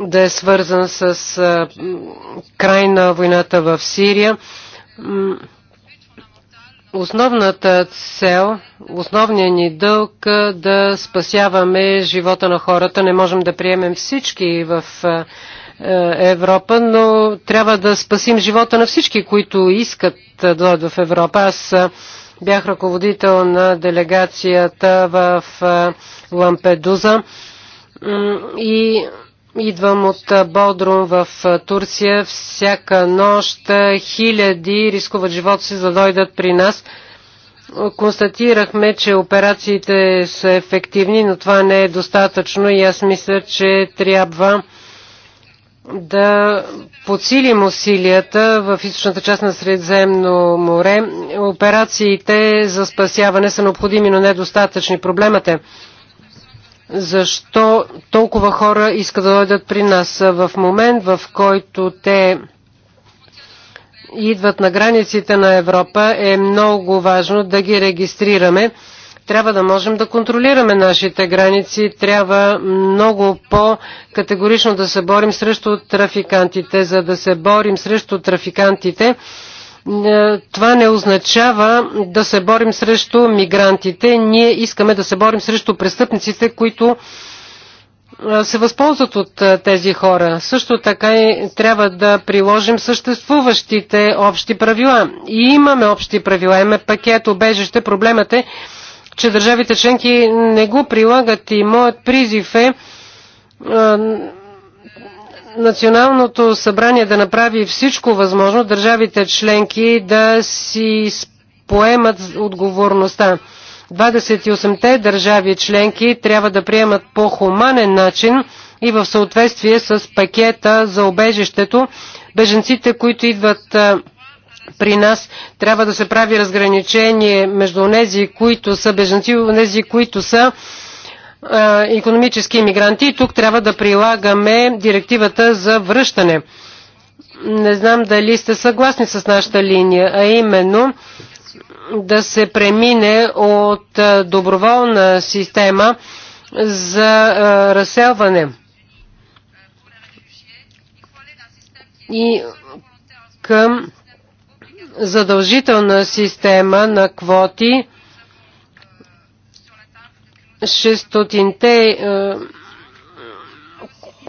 да е свързан с край на войната в Сирия. Основната цел, основният ни дълг да спасяваме живота на хората. Не можем да приемем всички в е, Европа, но трябва да спасим живота на всички, които искат да дойдат в Европа. Аз е, бях ръководител на делегацията в е, Лампедуза и идвам от Бодрум в Турция. Всяка нощ хиляди рискуват живота си за да дойдат при нас. Констатирахме, че операциите са ефективни, но това не е достатъчно и аз мисля, че трябва да подсилим усилията в източната част на Средиземно море. Операциите за спасяване са необходими, но недостатъчни. Проблемът е защо толкова хора искат да дойдат при нас в момент, в който те идват на границите на Европа, е много важно да ги регистрираме трябва да можем да контролираме нашите граници, трябва много по-категорично да се борим срещу трафикантите. За да се борим срещу трафикантите, е, това не означава да се борим срещу мигрантите. Ние искаме да се борим срещу престъпниците, които е, се възползват от е, тези хора. Също така и трябва да приложим съществуващите общи правила. И имаме общи правила, имаме пакет обежище. Проблемът е, че държавите членки не го прилагат и моят призив е Националното събрание да направи всичко възможно държавите членки да си поемат отговорността. 28-те държави членки трябва да приемат по хуманен начин и в съответствие с пакета за обежището беженците, които идват при нас трябва да се прави разграничение между тези, които са бежанци и тези, които са економически иммигранти. И тук трябва да прилагаме директивата за връщане. Не знам дали сте съгласни с нашата линия, а именно да се премине от доброволна система за разселване. И към задължителна система на квоти. 600-те е,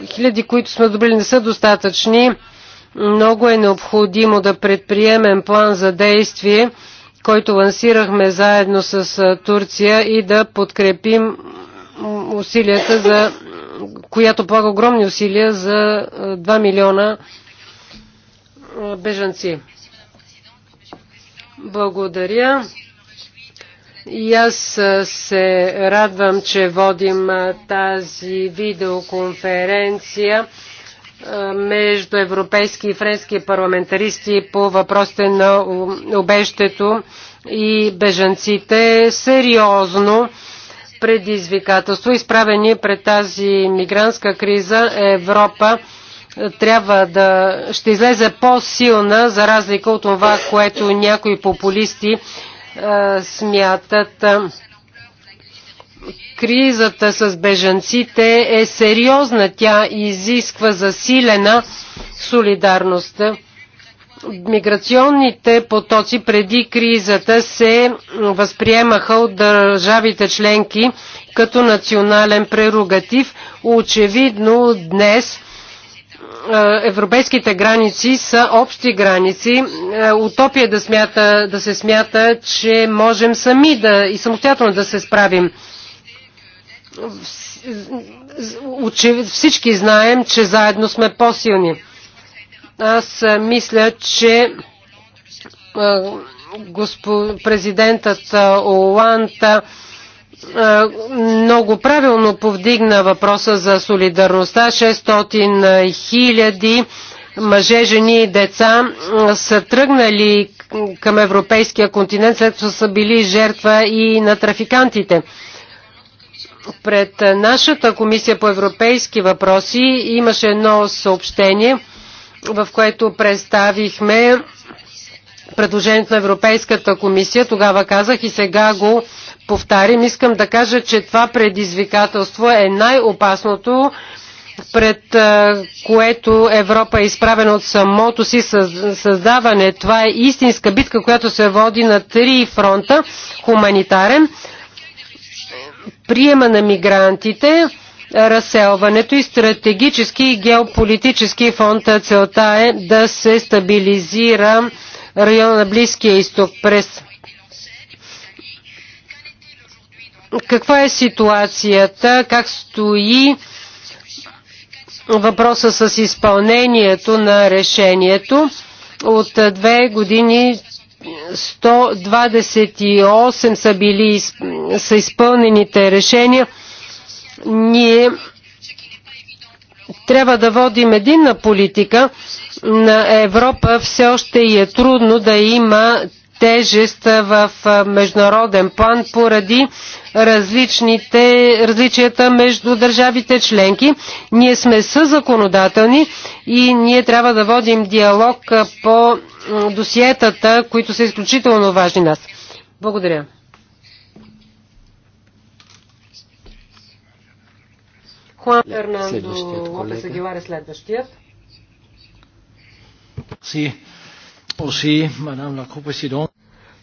хиляди, които сме добили, не са достатъчни. Много е необходимо да предприемем план за действие, който лансирахме заедно с е, Турция и да подкрепим усилията за която полага огромни усилия за 2 е, милиона бежанци. Благодаря. И аз се радвам, че водим тази видеоконференция между европейски и френски парламентаристи по въпросите на обещето и бежанците. Сериозно предизвикателство. Изправени пред тази мигрантска криза Европа трябва да ще излезе по-силна за разлика от това, което някои популисти а, смятат. Кризата с бежанците е сериозна. Тя изисква засилена солидарност. Миграционните потоци преди кризата се възприемаха от държавите членки като национален прерогатив. Очевидно днес е, европейските граници са общи граници. Е, утопия да, смята, да се смята, че можем сами да и самостоятелно да се справим. Всички знаем, че заедно сме по-силни. Аз е, мисля, че госпо, президентът Оланта е, много правилно повдигна въпроса за солидарността. 600 е, хиляди мъже, жени и деца е, са тръгнали към европейския континент, след като са били жертва и на трафикантите. Пред нашата комисия по европейски въпроси имаше едно съобщение, в което представихме предложението на Европейската комисия. Тогава казах и сега го повтарим. Искам да кажа, че това предизвикателство е най-опасното, пред което Европа е изправена от самото си създаване. Това е истинска битка, която се води на три фронта. Хуманитарен, приема на мигрантите, разселването и стратегически и геополитически фонд. Целта е да се стабилизира района на Близкия изток през каква е ситуацията, как стои въпроса с изпълнението на решението. От две години 128 са били са изпълнените решения. Ние трябва да водим единна политика, на Европа все още и е трудно да има тежест в международен план поради различните, различията между държавите членки. Ние сме съзаконодателни и ние трябва да водим диалог по досиетата, които са изключително важни нас. Благодаря. Хуан Фернандо Лопес Агилар е следващият. Oh,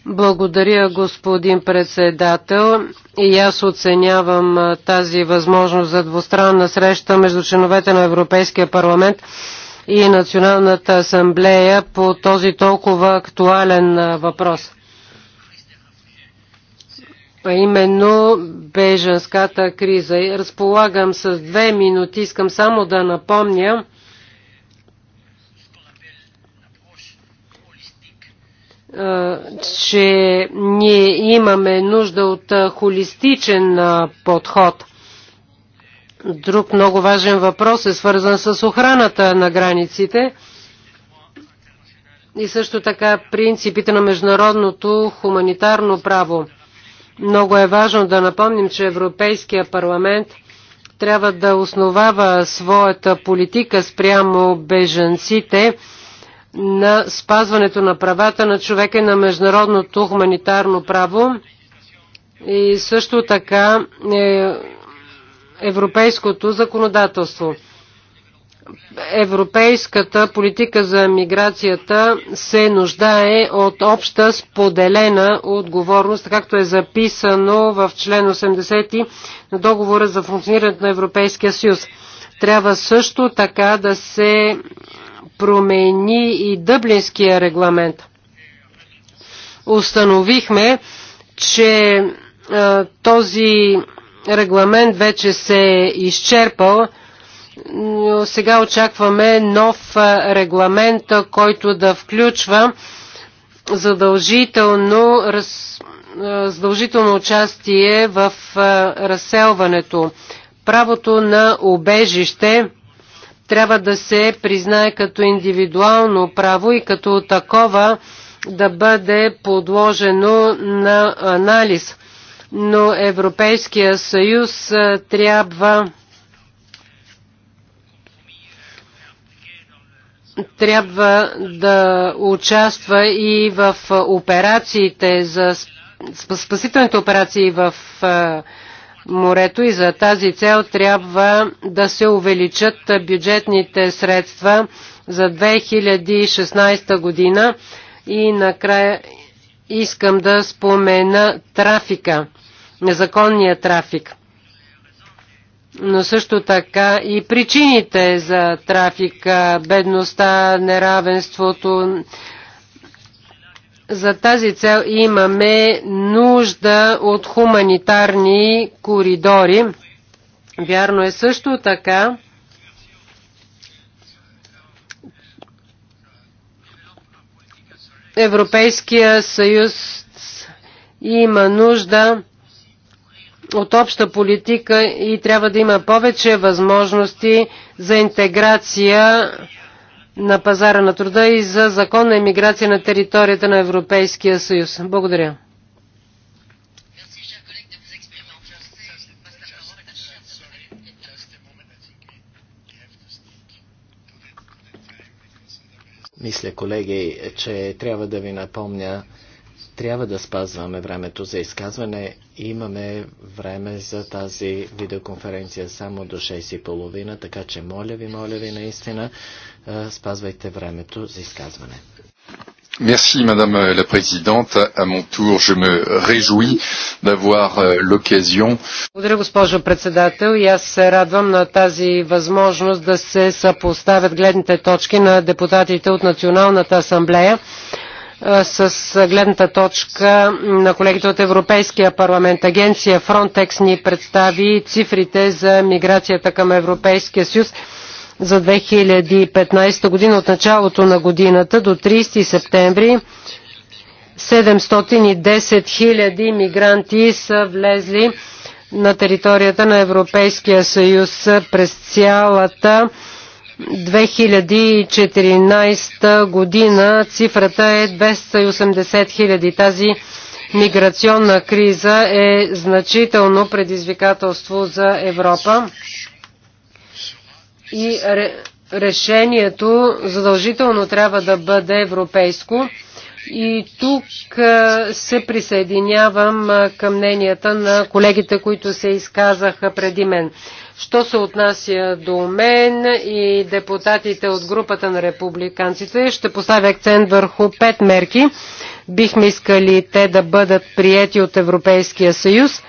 Благодаря, господин председател. И аз оценявам тази възможност за двустранна среща между членовете на Европейския парламент и Националната асамблея по този толкова актуален въпрос. А именно беженската криза. Разполагам с две минути. Искам само да напомня, че ние имаме нужда от холистичен подход. Друг много важен въпрос е свързан с охраната на границите и също така принципите на международното хуманитарно право. Много е важно да напомним, че Европейския парламент трябва да основава своята политика спрямо бежанците на спазването на правата на човека и на международното хуманитарно право. И също така е, европейското законодателство. Европейската политика за миграцията се нуждае от обща споделена отговорност, както е записано в член 80 на договора за функционирането на Европейския съюз. Трябва също така да се промени и дъблинския регламент. Установихме, че този регламент вече се е изчерпал. сега очакваме нов регламент, който да включва задължително, раз, задължително участие в разселването. Правото на убежище трябва да се признае като индивидуално право и като такова да бъде подложено на анализ. Но Европейския съюз трябва трябва да участва и в операциите за спасителните операции в морето и за тази цел трябва да се увеличат бюджетните средства за 2016 година и накрая искам да спомена трафика, незаконния трафик. Но също така и причините за трафика, бедността, неравенството, за тази цел имаме нужда от хуманитарни коридори. Вярно е също така, Европейския съюз има нужда от обща политика и трябва да има повече възможности за интеграция на пазара на труда и за законна емиграция на територията на Европейския съюз. Благодаря. Мисля, колеги, че трябва да ви напомня, трябва да спазваме времето за изказване. Имаме време за тази видеоконференция само до 6.30, така че моля ви, моля ви наистина е, спазвайте времето за изказване. Merci Madame la Présidente. À mon tour, je me réjouis d'avoir euh, l'occasion. Благодаря, госпожо председател, и аз се радвам на тази възможност да се съпоставят гледните точки на депутатите от Националната асамблея е, с гледната точка на колегите от Европейския парламент. Агенция Frontex ни представи цифрите за миграцията към Европейския съюз за 2015 година от началото на годината до 30 септември 710 хиляди мигранти са влезли на територията на Европейския съюз през цялата 2014 година. Цифрата е 280 хиляди. Тази миграционна криза е значително предизвикателство за Европа и решението задължително трябва да бъде европейско. И тук се присъединявам към мненията на колегите, които се изказаха преди мен. Що се отнася до мен и депутатите от групата на републиканците, ще поставя акцент върху пет мерки. Бихме искали те да бъдат приети от Европейския съюз.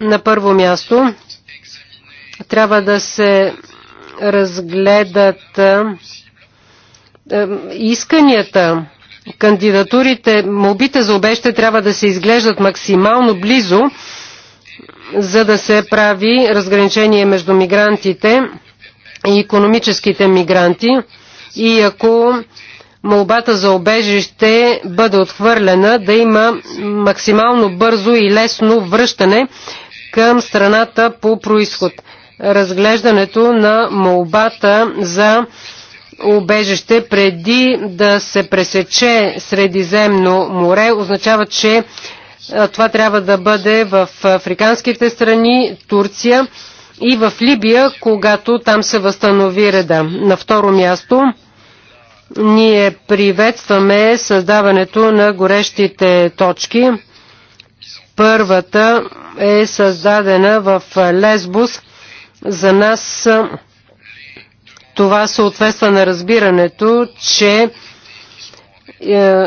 На първо място трябва да се разгледат исканията, кандидатурите, молбите за обеща трябва да се изглеждат максимално близо, за да се прави разграничение между мигрантите и економическите мигранти. И ако молбата за обежище бъде отхвърлена, да има максимално бързо и лесно връщане към страната по происход разглеждането на молбата за убежище преди да се пресече Средиземно море означава, че това трябва да бъде в африканските страни, Турция и в Либия, когато там се възстанови реда. На второ място ние приветстваме създаването на горещите точки. Първата е създадена в Лесбус за нас това съответства на разбирането, че е,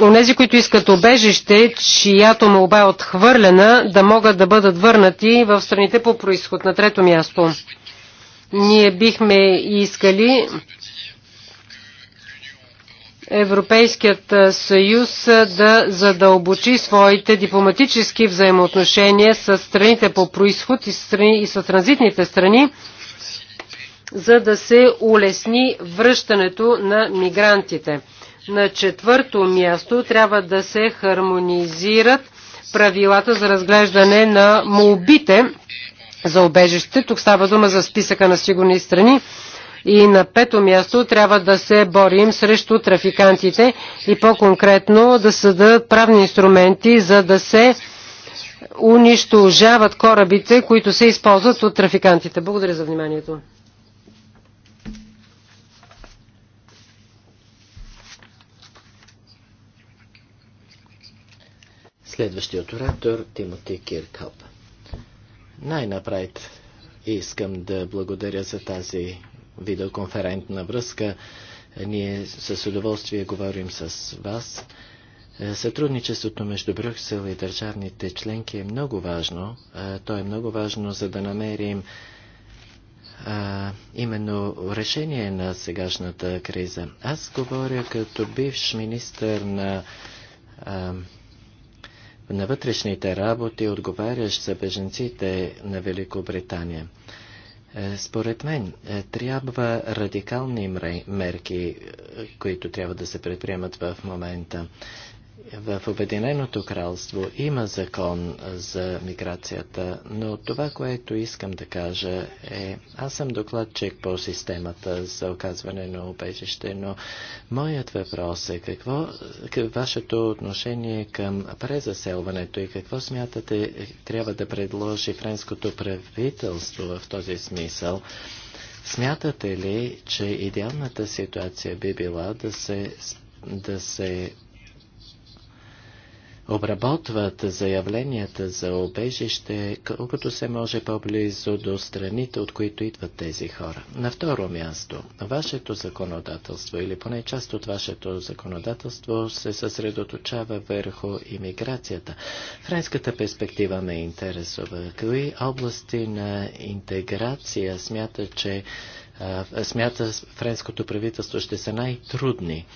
Онези, които искат обежище, чиято молба е отхвърлена, да могат да бъдат върнати в страните по происход. На трето място. Ние бихме искали Европейският съюз да задълбочи своите дипломатически взаимоотношения с страните по происход и, страни, и с транзитните страни, за да се улесни връщането на мигрантите. На четвърто място трябва да се хармонизират правилата за разглеждане на молбите за обежище. Тук става дума за списъка на сигурни страни. И на пето място трябва да се борим срещу трафикантите и по-конкретно да създадат правни инструменти, за да се унищожават корабите, които се използват от трафикантите. Благодаря за вниманието. Следващият оратор Тимоти Киркалп. Най-напред искам да благодаря за тази видеоконферентна връзка. Ние с удоволствие говорим с вас. Е, сътрудничеството между Брюксел и държавните членки е много важно. Е, то е много важно, за да намерим а, е, именно решение на сегашната криза. Аз говоря като бивш министър на, а, на вътрешните работи, отговарящ за беженците на Великобритания. Е, според мен е, трябва радикални мерки, е, които трябва да се предприемат в момента. В Обединеното кралство има закон за миграцията, но това, което искам да кажа е, аз съм докладчик по системата за оказване на убежище, но моят въпрос е какво към вашето отношение към презаселването и какво смятате трябва да предложи френското правителство в този смисъл? Смятате ли, че идеалната ситуация би била да се, да се обработват заявленията за обежище, колкото се може по-близо до страните, от които идват тези хора. На второ място, вашето законодателство или поне част от вашето законодателство се съсредоточава върху иммиграцията. Френската перспектива ме интересува. Кои области на интеграция смята, че смята френското правителство ще са най-трудни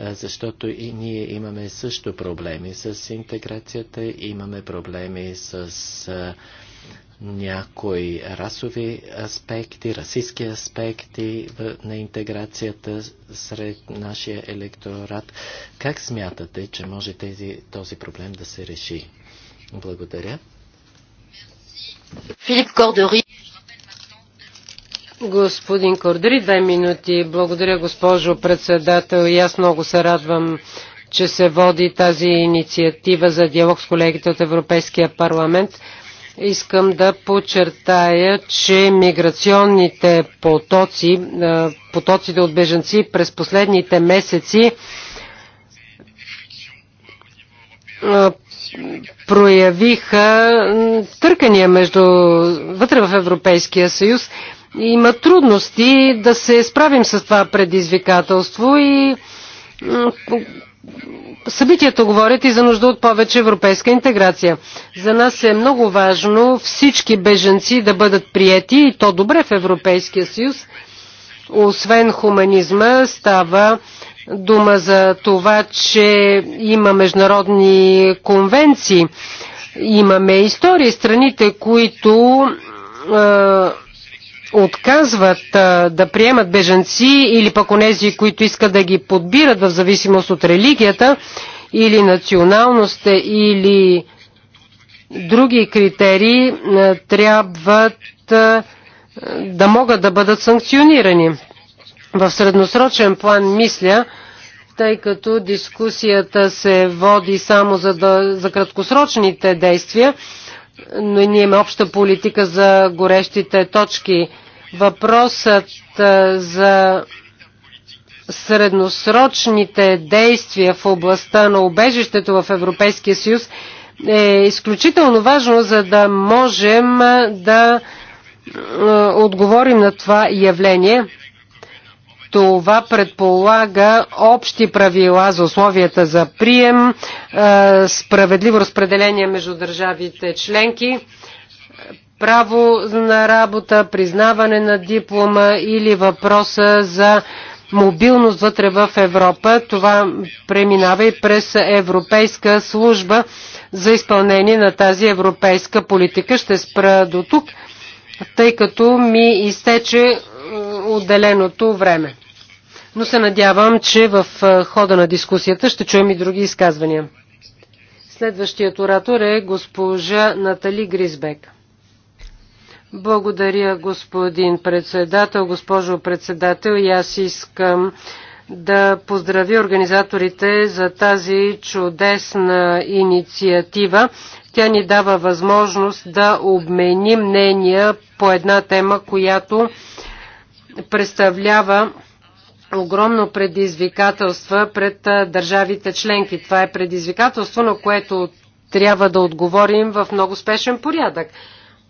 защото и ние имаме също проблеми с интеграцията, имаме проблеми с някои расови аспекти, расистски аспекти на интеграцията сред нашия електорат. Как смятате, че може тези, този проблем да се реши? Благодаря. Филип Кордори. Господин Кордери, две минути. Благодаря, госпожо председател. И аз много се радвам, че се води тази инициатива за диалог с колегите от Европейския парламент. Искам да подчертая, че миграционните потоци, потоците от беженци през последните месеци проявиха търкания между вътре в Европейския съюз има трудности да се справим с това предизвикателство и събитията говорят и за нужда от повече европейска интеграция. За нас е много важно всички беженци да бъдат прияти и то добре в Европейския съюз. Освен хуманизма става дума за това, че има международни конвенции. Имаме истории, страните, които отказват да приемат бежанци или пък онези, които искат да ги подбират в зависимост от религията или националност или други критерии, трябват да могат да бъдат санкционирани. В средносрочен план мисля, тъй като дискусията се води само за, да, за краткосрочните действия, но и ние имаме обща политика за горещите точки. Въпросът за средносрочните действия в областта на убежището в Европейския съюз е изключително важно, за да можем да отговорим на това явление. Това предполага общи правила за условията за прием, справедливо разпределение между държавите членки право на работа, признаване на диплома или въпроса за мобилност вътре в Европа. Това преминава и през Европейска служба за изпълнение на тази европейска политика. Ще спра до тук, тъй като ми изтече отделеното време. Но се надявам, че в е, хода на дискусията ще чуем и други изказвания. Следващият оратор е госпожа Натали Гризбек. Благодаря, господин председател. Госпожо председател, и аз искам да поздравя организаторите за тази чудесна инициатива. Тя ни дава възможност да обменим мнения по една тема, която представлява огромно предизвикателство пред държавите членки. Това е предизвикателство, на което трябва да отговорим в много спешен порядък.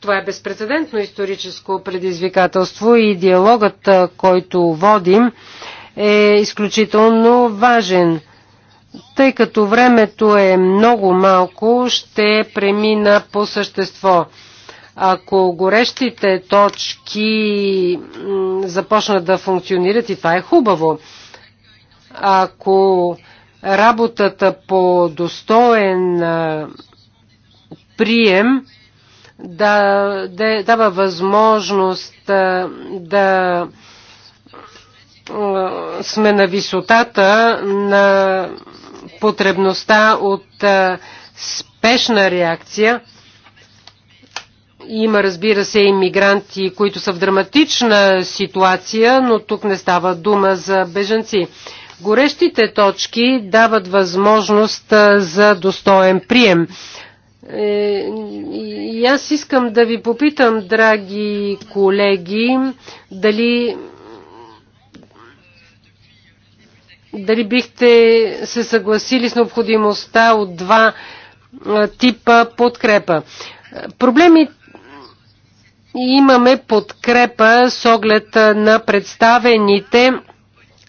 Това е безпредседентно историческо предизвикателство и диалогът, който водим, е изключително важен. Тъй като времето е много малко, ще премина по същество. Ако горещите точки започнат да функционират и това е хубаво, ако работата по достоен прием да, да дава възможност да сме на висотата на потребността от спешна реакция. Има, разбира се, иммигранти, които са в драматична ситуация, но тук не става дума за бежанци. Горещите точки дават възможност за достоен прием. Е, и аз искам да ви попитам, драги колеги, дали дали бихте се съгласили с необходимостта от два е, типа подкрепа. Проблеми имаме подкрепа с оглед на представените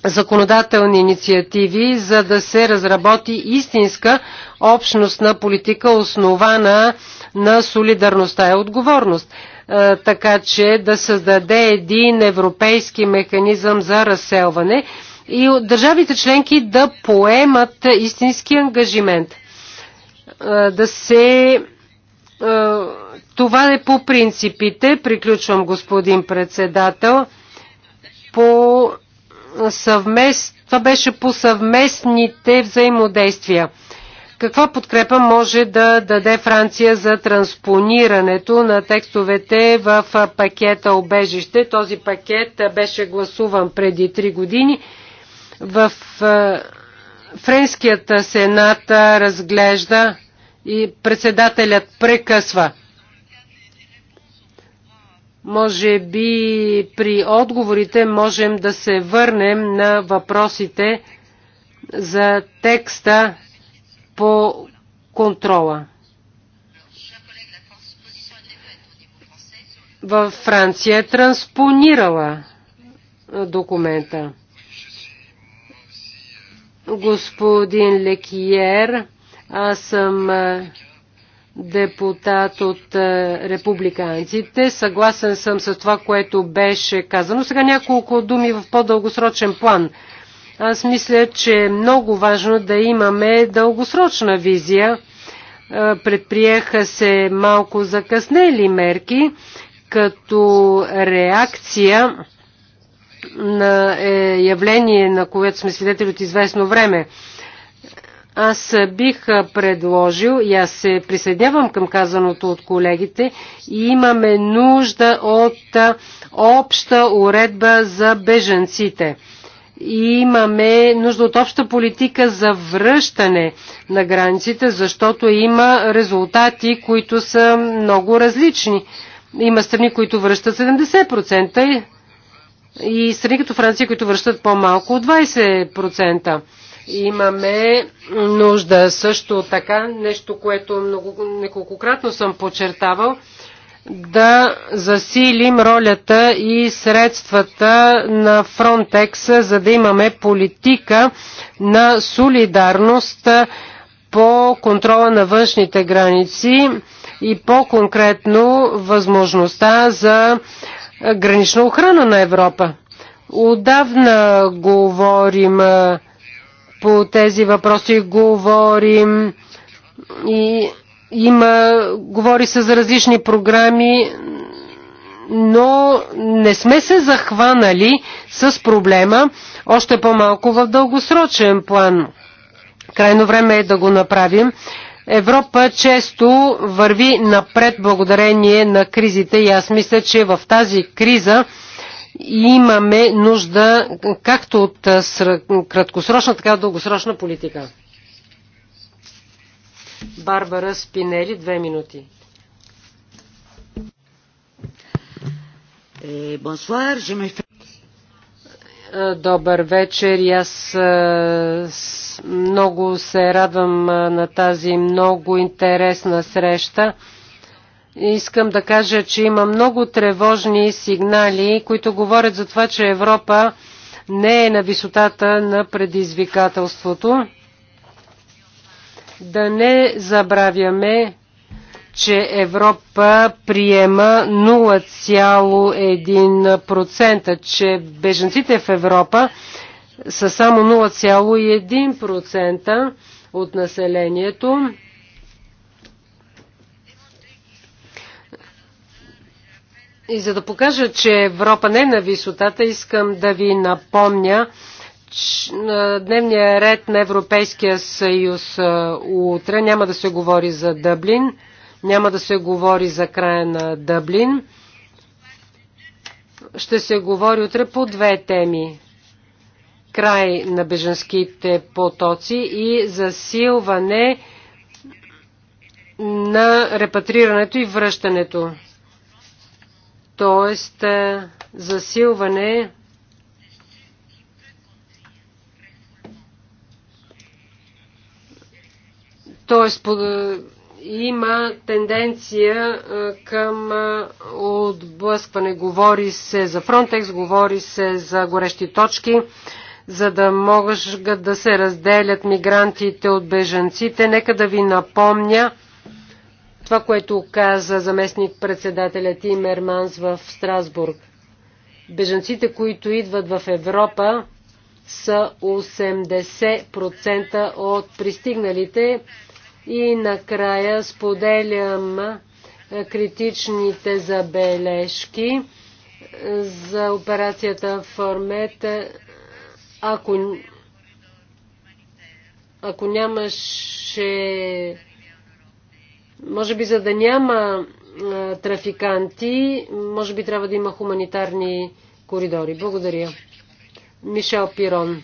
законодателни инициативи, за да се разработи истинска общностна политика, основана на солидарността и отговорност е, така че да създаде един европейски механизъм за разселване и държавите членки да поемат истински ангажимент. Е, да се... Е, това е по принципите. Приключвам, господин председател. По съвмест... това беше по съвместните взаимодействия. Каква подкрепа може да даде Франция за транспонирането на текстовете в пакета обежище? Този пакет беше гласуван преди три години. В е, Френският сенат разглежда и председателят прекъсва – може би при отговорите можем да се върнем на въпросите за текста по контрола. Във Франция е транспонирала документа. Господин Лекиер, аз съм депутат от е, републиканците. Съгласен съм с това, което беше казано. Сега няколко думи в по-дългосрочен план. Аз мисля, че е много важно да имаме дългосрочна визия. Е, предприеха се малко закъснели мерки като реакция на е, явление, на което сме свидетели от известно време аз бих предложил и аз се присъединявам към казаното от колегите. Имаме нужда от обща уредба за беженците. И имаме нужда от обща политика за връщане на границите, защото има резултати, които са много различни. Има страни, които връщат 70% и страни като Франция, които връщат по-малко от 20%. Имаме нужда също така, нещо, което много, неколкократно съм подчертавал, да засилим ролята и средствата на Frontex, за да имаме политика на солидарност по контрола на външните граници и по-конкретно възможността за гранична охрана на Европа. Отдавна говорим по тези въпроси говорим и има, говори се за различни програми, но не сме се захванали с проблема, още по-малко в дългосрочен план. Крайно време е да го направим. Европа често върви напред благодарение на кризите и аз мисля, че в тази криза имаме нужда както от краткосрочна, така и от дългосрочна политика. Барбара Спинели, две минути. Е, добър вечер и аз много се радвам на тази много интересна среща. Искам да кажа, че има много тревожни сигнали, които говорят за това, че Европа не е на висотата на предизвикателството. Да не забравяме, че Европа приема 0,1%, че беженците в Европа са само 0,1% от населението. И за да покажа, че Европа не е на висотата, искам да ви напомня дневния ред на Европейския съюз утре. Няма да се говори за Дъблин, няма да се говори за края на Дъблин. Ще се говори утре по две теми. Край на беженските потоци и засилване на репатрирането и връщането. Т.е. засилване Т.е. има тенденция е, към е, отблъскване. Говори се за Фронтекс, говори се за горещи точки, за да могат да се разделят мигрантите от бежанците. Нека да ви напомня, това, което каза заместник председателя Тимерманс в Страсбург. Бежанците, които идват в Европа, са 80% от пристигналите. И накрая споделям критичните забележки за операцията в Формет. Ако, ако нямаше може би за да няма трафиканти, може би трябва да има хуманитарни коридори. Благодаря. Мишел Пирон.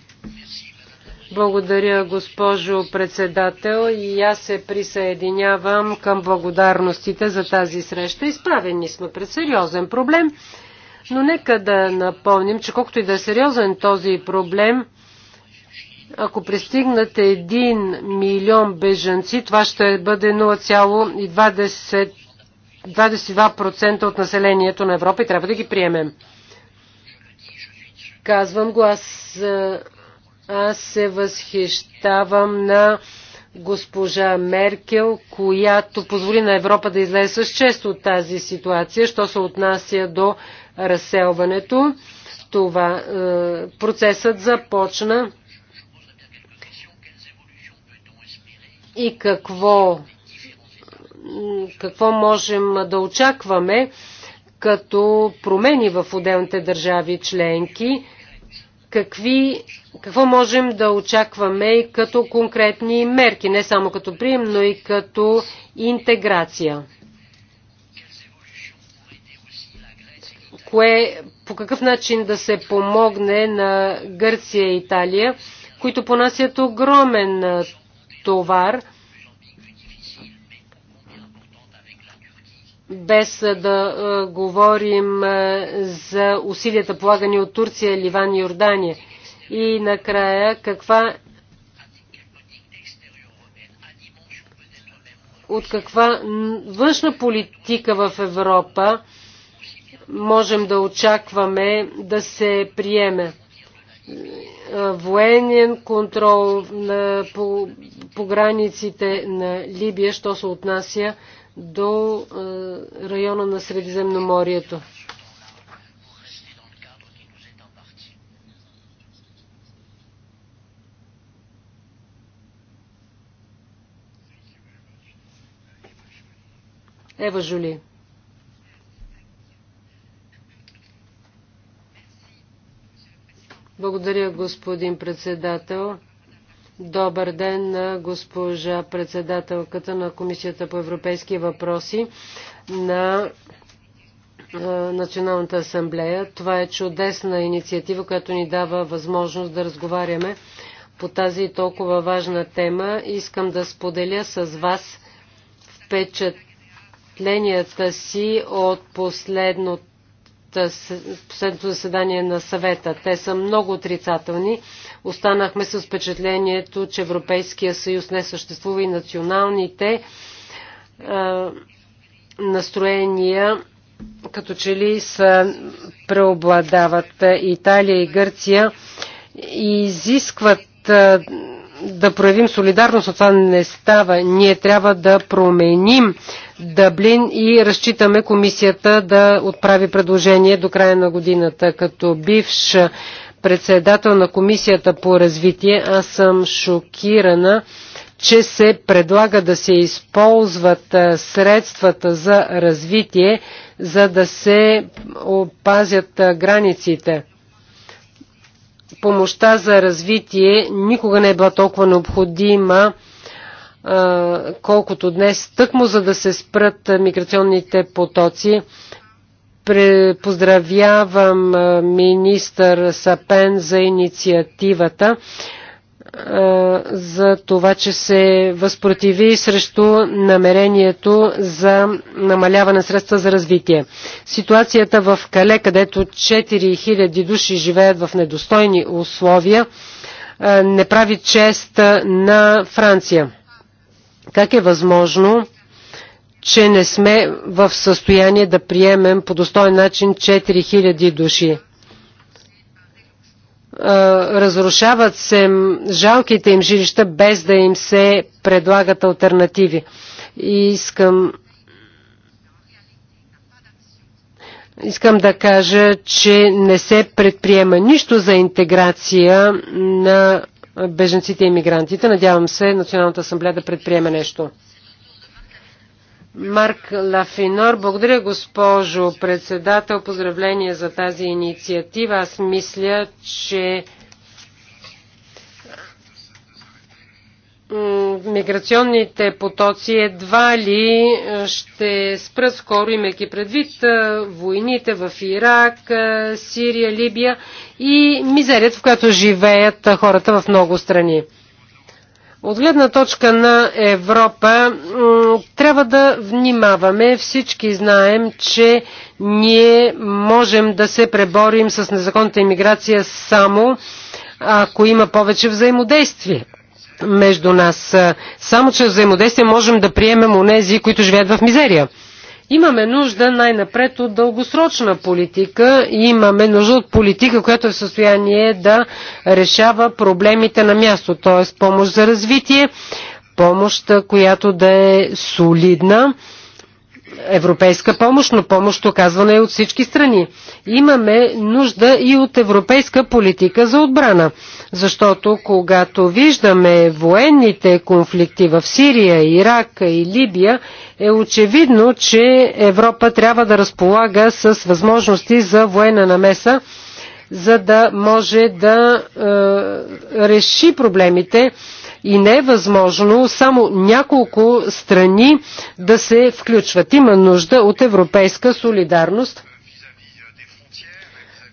Благодаря, госпожо председател. И аз се присъединявам към благодарностите за тази среща. Изправени сме пред сериозен проблем, но нека да напомним, че колкото и да е сериозен този проблем, ако пристигнат 1 милион бежанци, това ще бъде 0,22% от населението на Европа и трябва да ги приемем. Казвам го, аз, аз се възхищавам на госпожа Меркел, която позволи на Европа да излезе с чест от тази ситуация, що се отнася до разселването. Това е, процесът започна и какво, какво можем да очакваме като промени в отделните държави членки, какви, какво можем да очакваме и като конкретни мерки, не само като прием, но и като интеграция. Кое, по какъв начин да се помогне на Гърция и Италия, които понасят огромен товар, без да е, говорим е, за усилията полагани от Турция, Ливан и Йордания. И накрая, каква от каква външна политика в Европа можем да очакваме да се приеме военен контрол на, по, по границите на Либия, що се отнася до е, района на Средиземноморието. Ева Жули. Благодаря, господин председател. Добър ден на госпожа председателката на Комисията по европейски въпроси на Националната асамблея. Това е чудесна инициатива, която ни дава възможност да разговаряме по тази толкова важна тема. Искам да споделя с вас впечатленията си от последното последното заседание на съвета. Те са много отрицателни. Останахме с впечатлението, че Европейския съюз не съществува и националните а, настроения като че ли са преобладават Италия и Гърция и изискват да проявим солидарност, но това не става. Ние трябва да променим Дъблин и разчитаме комисията да отправи предложение до края на годината. Като бивш председател на комисията по развитие, аз съм шокирана, че се предлага да се използват средствата за развитие, за да се опазят границите помощта за развитие никога не е била толкова необходима, колкото днес, тъкмо за да се спрат миграционните потоци. Поздравявам министър Сапен за инициативата е, за това, че се възпротиви срещу намерението за намаляване средства за развитие. Ситуацията в Кале, където 4000 души живеят в недостойни условия, е, не прави чест на Франция. Как е възможно, че не сме в състояние да приемем по достоен начин 4000 души? разрушават се жалките им жилища, без да им се предлагат альтернативи. И искам Искам да кажа, че не се предприема нищо за интеграция на беженците и мигрантите. Надявам се Националната асамблея да предприеме нещо. Марк Лафинор. Благодаря, госпожо председател. Поздравление за тази инициатива. Аз мисля, че миграционните потоци едва ли ще спрат скоро, имайки предвид войните в Ирак, Сирия, Либия и мизерият, в която живеят хората в много страни. От гледна точка на Европа трябва да внимаваме. Всички знаем, че ние можем да се преборим с незаконната иммиграция само ако има повече взаимодействие между нас. Само чрез взаимодействие можем да приемем онези, които живеят в мизерия. Имаме нужда най-напред от дългосрочна политика и имаме нужда от политика, която е в състояние да решава проблемите на място, т.е. помощ за развитие, помощ, която да е солидна европейска помощ, но помощ оказвана е от всички страни. Имаме нужда и от европейска политика за отбрана, защото когато виждаме военните конфликти в Сирия, Ирак и Либия, е очевидно, че Европа трябва да разполага с възможности за военна намеса, за да може да е, реши проблемите и не е възможно само няколко страни да се включват. Има нужда от европейска солидарност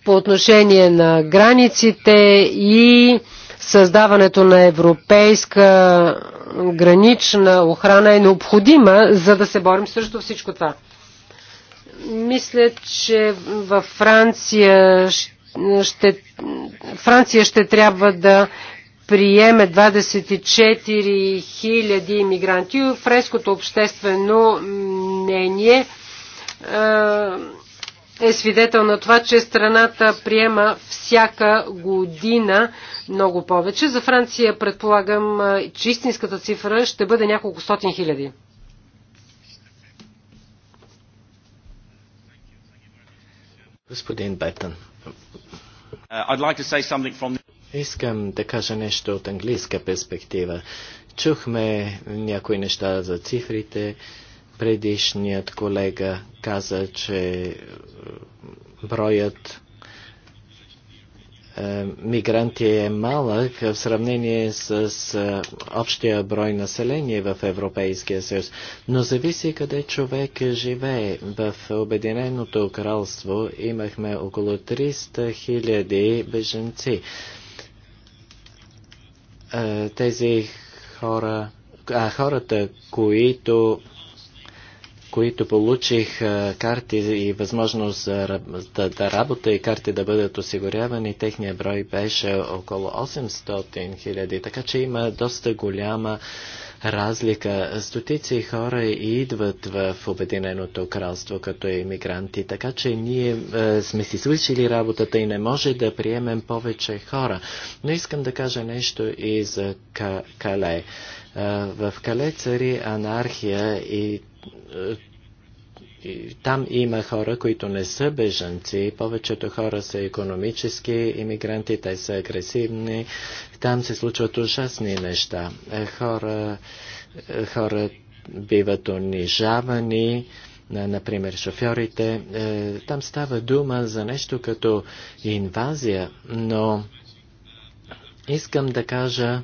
по отношение на границите и създаването на европейска гранична охрана е необходима, за да се борим срещу всичко това. Мисля, че във Франция ще, Франция ще трябва да приеме 24 000 иммигранти. Френското обществено мнение е, е свидетел на това, че страната приема всяка година много повече. За Франция предполагам, че истинската цифра ще бъде няколко стотин хиляди. Господин Бетън. Uh, Искам да кажа нещо от английска перспектива. Чухме някои неща за цифрите. Предишният колега каза, че е, броят е, мигранти е малък в сравнение с е, общия брой население в Европейския съюз. Но зависи къде човек живее. В Обединеното кралство имахме около 300 000 беженци. Е, тези хора, а хората, които, които получих е, карти и възможност за, да, да работа и карти да бъдат осигурявани, техния брой беше около 800 хиляди, така че има доста голяма разлика. Стотици хора идват в Обединеното кралство като иммигранти, така че ние е, сме си свършили работата и не може да приемем повече хора. Но искам да кажа нещо и за Кале. Е, в Кале цари анархия и е, там има хора, които не са бежанци. Повечето хора са економически иммигранти, те са агресивни. Там се случват ужасни неща. Е, хора, е, хора биват унижавани например, шофьорите. Е, там става дума за нещо като инвазия, но искам да кажа,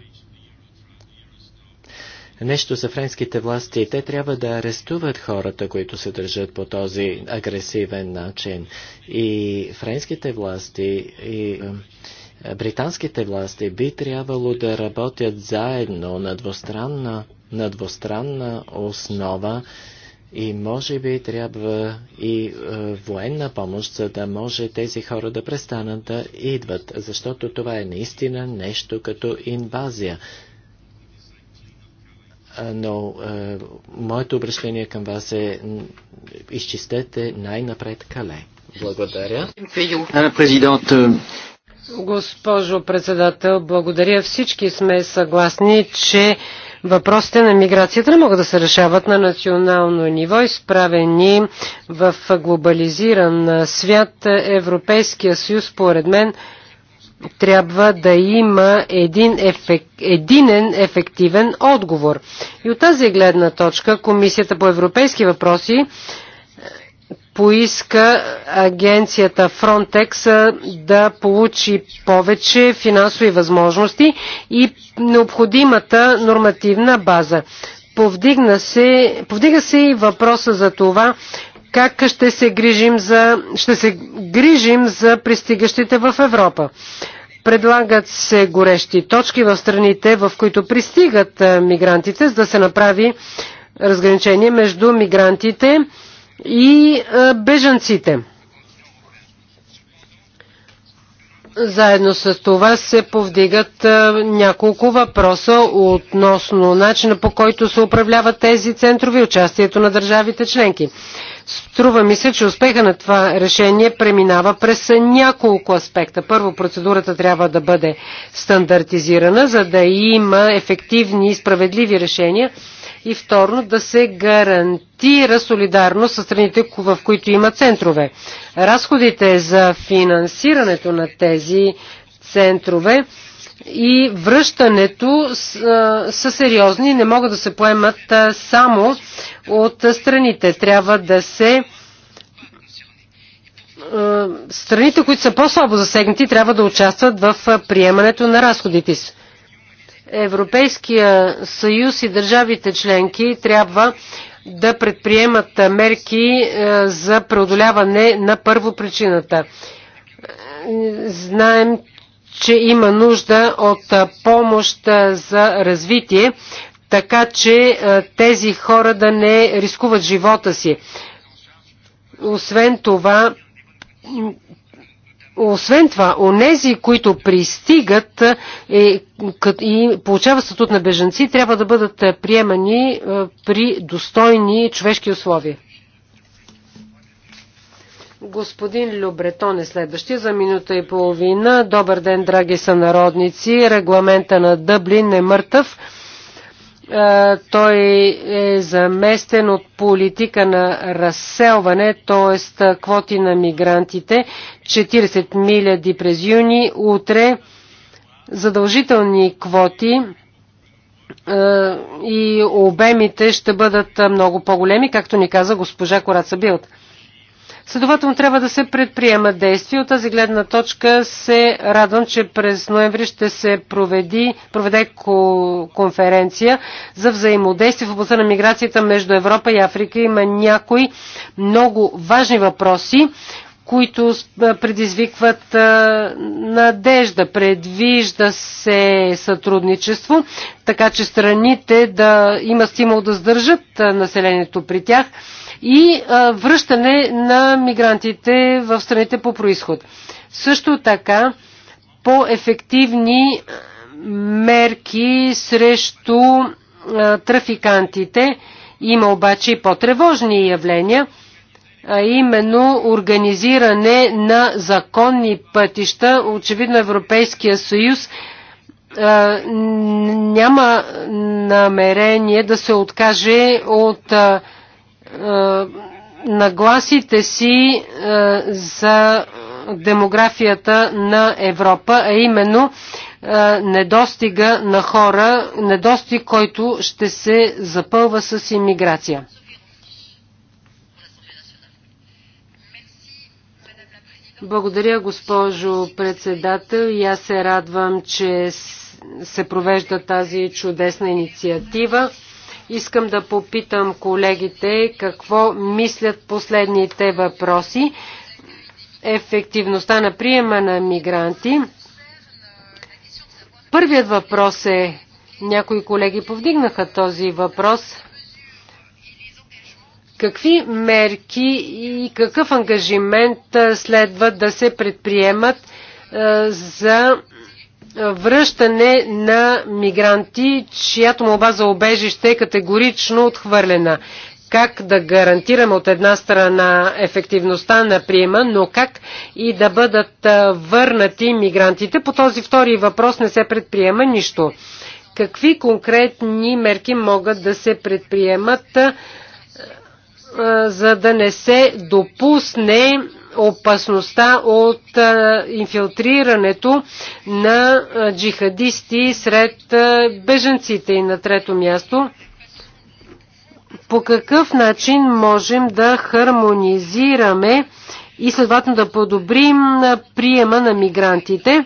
нещо за френските власти. Те трябва да арестуват хората, които се държат по този агресивен начин. И френските власти и е, британските власти би трябвало да работят заедно на двустранна, на двустранна основа и може би трябва и е, военна помощ, за да може тези хора да престанат да идват, защото това е наистина нещо като инвазия но е, моето обращение към вас е изчистете най-напред кале. Благодаря. Euh, Госпожо председател, благодаря. Всички сме съгласни, че въпросите на миграцията не могат да се решават на национално ниво. Изправени в глобализиран свят, Европейския съюз, според мен, трябва да има един ефек, единен ефективен отговор. И от тази гледна точка Комисията по европейски въпроси е, поиска агенцията Frontex е, да получи повече финансови възможности и необходимата нормативна база. Повдигна се, повдига се и въпроса за това как ще се грижим за, ще се грижим за пристигащите в Европа. Предлагат се горещи точки в страните, в които пристигат е, мигрантите, за да се направи разграничение между мигрантите и е, бежанците. Заедно с това се повдигат е, няколко въпроса относно начина по който се управляват тези центрови участието на държавите членки. Струва ми се, че успеха на това решение преминава през няколко аспекта. Първо, процедурата трябва да бъде стандартизирана, за да има ефективни и справедливи решения. И второ, да се гарантира солидарно с страните, в които има центрове. Разходите за финансирането на тези центрове и връщането са сериозни и не могат да се поемат само от страните. Трябва да се страните, които са по-слабо засегнати, трябва да участват в приемането на разходите си. Европейския съюз и държавите членки трябва да предприемат мерки за преодоляване на първо причината. Знаем, че има нужда от помощ за развитие, така че тези хора да не рискуват живота си. Освен това, освен това, онези, които пристигат и, е, и получават статут на бежанци, трябва да бъдат приемани при достойни човешки условия. Господин Любретон е следващия за минута и половина. Добър ден, драги сънародници. Регламента на Дъблин е мъртъв. Е, той е заместен от политика на разселване, т.е. квоти на мигрантите. 40 милиарди през юни. Утре задължителни квоти е, и обемите ще бъдат много по-големи, както ни каза госпожа Кораца Билт. Следователно трябва да се предприемат действия. От тази гледна точка се радвам, че през ноември ще се проведи, проведе конференция за взаимодействие в областта на миграцията между Европа и Африка. Има някои много важни въпроси, които предизвикват надежда. Предвижда се сътрудничество, така че страните да има стимул да сдържат населението при тях и връщане на мигрантите в страните по происход. Също така по-ефективни мерки срещу трафикантите. Има обаче и по-тревожни явления, а именно организиране на законни пътища. Очевидно Европейския съюз няма намерение да се откаже от е, нагласите си е, за демографията на Европа, а именно е, недостига на хора, недостиг, който ще се запълва с иммиграция. Благодаря, госпожо председател. И аз се радвам, че се провежда тази чудесна инициатива. Искам да попитам колегите какво мислят последните въпроси. Ефективността на приема на мигранти. Първият въпрос е, някои колеги повдигнаха този въпрос. Какви мерки и какъв ангажимент следва да се предприемат за връщане на мигранти, чиято молба за обежище е категорично отхвърлена. Как да гарантираме от една страна ефективността на приема, но как и да бъдат върнати мигрантите? По този втори въпрос не се предприема нищо. Какви конкретни мерки могат да се предприемат, за да не се допусне опасността от инфилтрирането на джихадисти сред беженците и на трето място. По какъв начин можем да хармонизираме и следователно да подобрим приема на мигрантите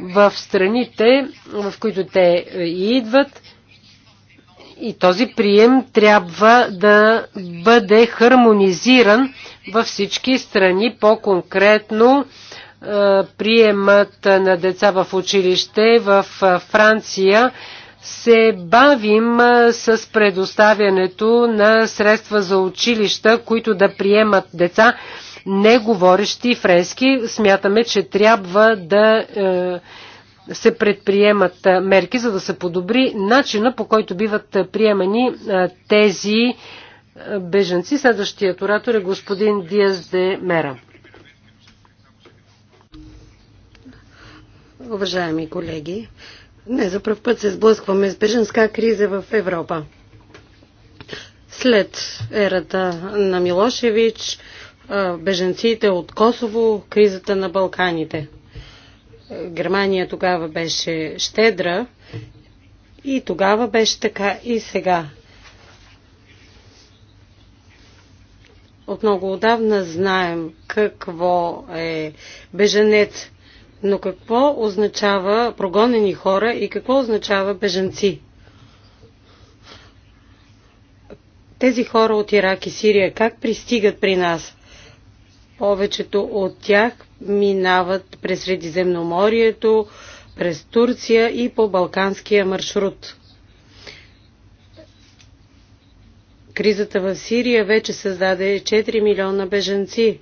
в страните, в които те идват? И този прием трябва да бъде хармонизиран във всички страни, по-конкретно е, приемът на деца в училище в е, Франция се бавим е, с предоставянето на средства за училища, които да приемат деца, не говорещи френски. Смятаме, че трябва да се предприемат мерки, за да се подобри начина по който биват приемани тези беженци. Следващият оратор е господин Диаз де Мера. Уважаеми колеги, не за първ път се сблъскваме с беженска криза в Европа. След ерата на Милошевич, беженците от Косово, кризата на Балканите. Германия тогава беше щедра и тогава беше така и сега. От много отдавна знаем какво е беженец, но какво означава прогонени хора и какво означава беженци. Тези хора от Ирак и Сирия как пристигат при нас? Повечето от тях минават през Средиземноморието, през Турция и по Балканския маршрут. Кризата в Сирия вече създаде 4 милиона беженци.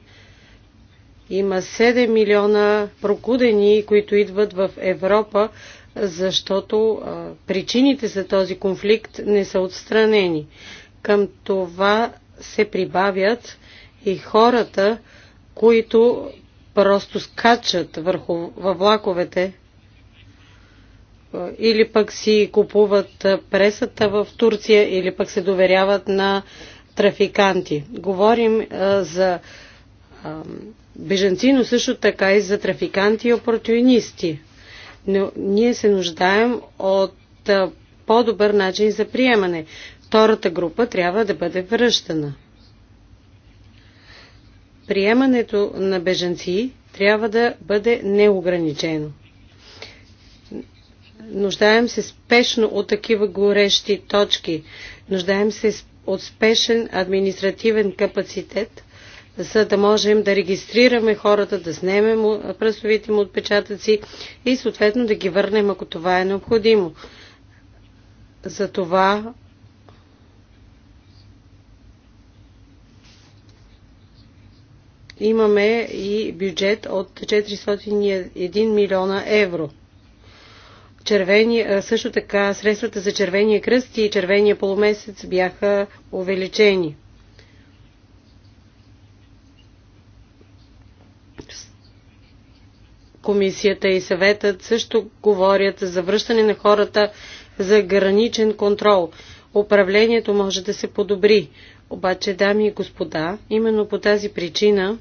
Има 7 милиона прокудени, които идват в Европа, защото а, причините за този конфликт не са отстранени. Към това се прибавят и хората, които просто скачат върху, във влаковете или пък си купуват пресата в Турция, или пък се доверяват на трафиканти. Говорим а, за а, беженци, но също така и за трафиканти и опортунисти. Но ние се нуждаем от по-добър начин за приемане. Втората група трябва да бъде връщана приемането на бежанци трябва да бъде неограничено. Нуждаем се спешно от такива горещи точки. Нуждаем се от спешен административен капацитет, за да можем да регистрираме хората, да снемем пръстовите му отпечатъци и съответно да ги върнем, ако това е необходимо. За това имаме и бюджет от 401 милиона евро. Червени, също така средствата за червения кръст и червения полумесец бяха увеличени. Комисията и съветът също говорят за връщане на хората за граничен контрол. Управлението може да се подобри. Обаче, дами и господа, именно по тази причина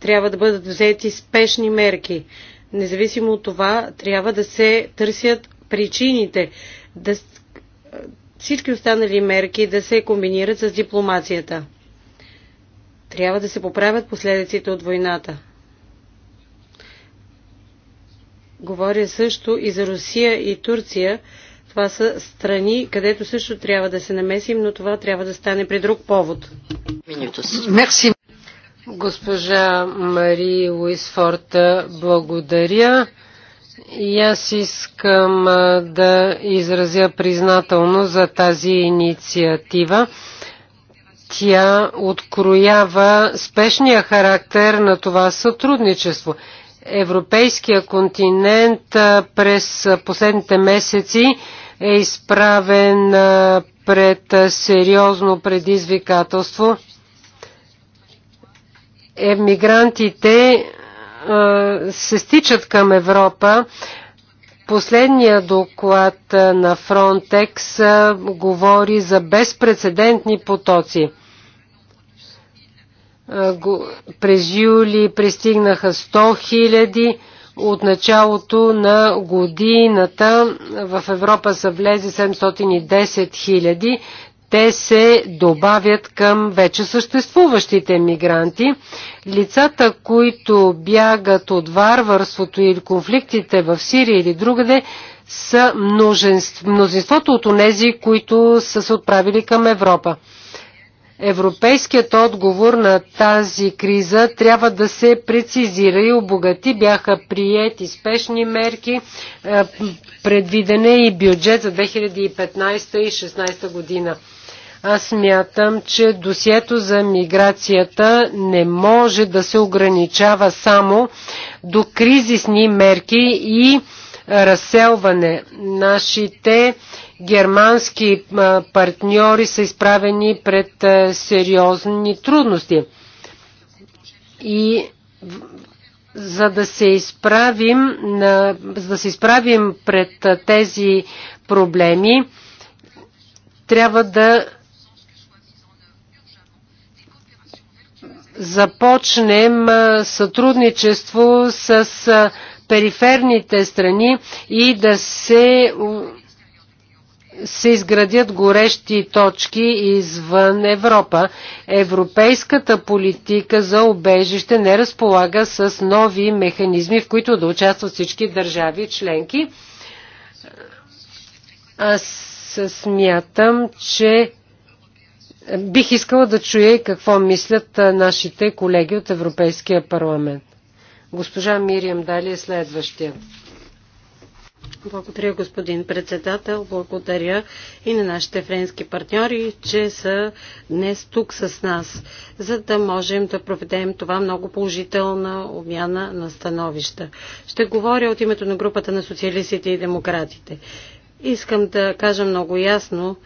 трябва да бъдат взети спешни мерки. Независимо от това, трябва да се търсят причините, да всички останали мерки да се комбинират с дипломацията. Трябва да се поправят последиците от войната. Говоря също и за Русия и Турция, това са страни, където също трябва да се намесим, но това трябва да стане при друг повод. Мерси. Госпожа Мари Луисфорта, благодаря. И аз искам да изразя признателно за тази инициатива. Тя откроява спешния характер на това сътрудничество. Европейския континент през последните месеци е изправен пред сериозно предизвикателство. Емигрантите се стичат към Европа. Последният доклад на Frontex говори за безпредседентни потоци. През юли пристигнаха 100 000 от началото на годината в Европа са влезе 710 хиляди. Те се добавят към вече съществуващите мигранти. Лицата, които бягат от варварството или конфликтите в Сирия или другаде, са множеството мнозинството от онези, които са се отправили към Европа. Европейският отговор на тази криза трябва да се прецизира и обогати. Бяха приети спешни мерки, е, предвидене и бюджет за 2015 и 2016 година. Аз мятам, че досието за миграцията не може да се ограничава само до кризисни мерки и разселване. Нашите германски партньори са изправени пред сериозни трудности. И за да се изправим, за да се изправим пред тези проблеми, трябва да започнем сътрудничество с периферните страни и да се, се изградят горещи точки извън Европа. Европейската политика за обежище не разполага с нови механизми, в които да участват всички държави членки. Аз смятам, че бих искала да чуя какво мислят нашите колеги от Европейския парламент. Госпожа Мириам Дали е следващия. Благодаря, господин председател. Благодаря и на нашите френски партньори, че са днес тук с нас, за да можем да проведем това много положителна обмяна на становища. Ще говоря от името на групата на социалистите и демократите. Искам да кажа много ясно,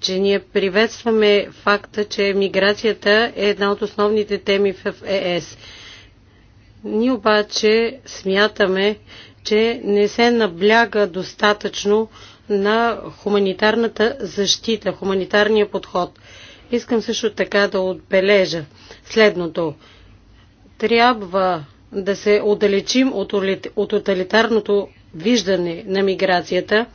че ние приветстваме факта, че миграцията е една от основните теми в ЕС. Е ние обаче смятаме, че не се набляга достатъчно на хуманитарната защита, хуманитарния подход. Искам също така да отбележа следното. Трябва да се отдалечим от, тоталитарното виждане на миграцията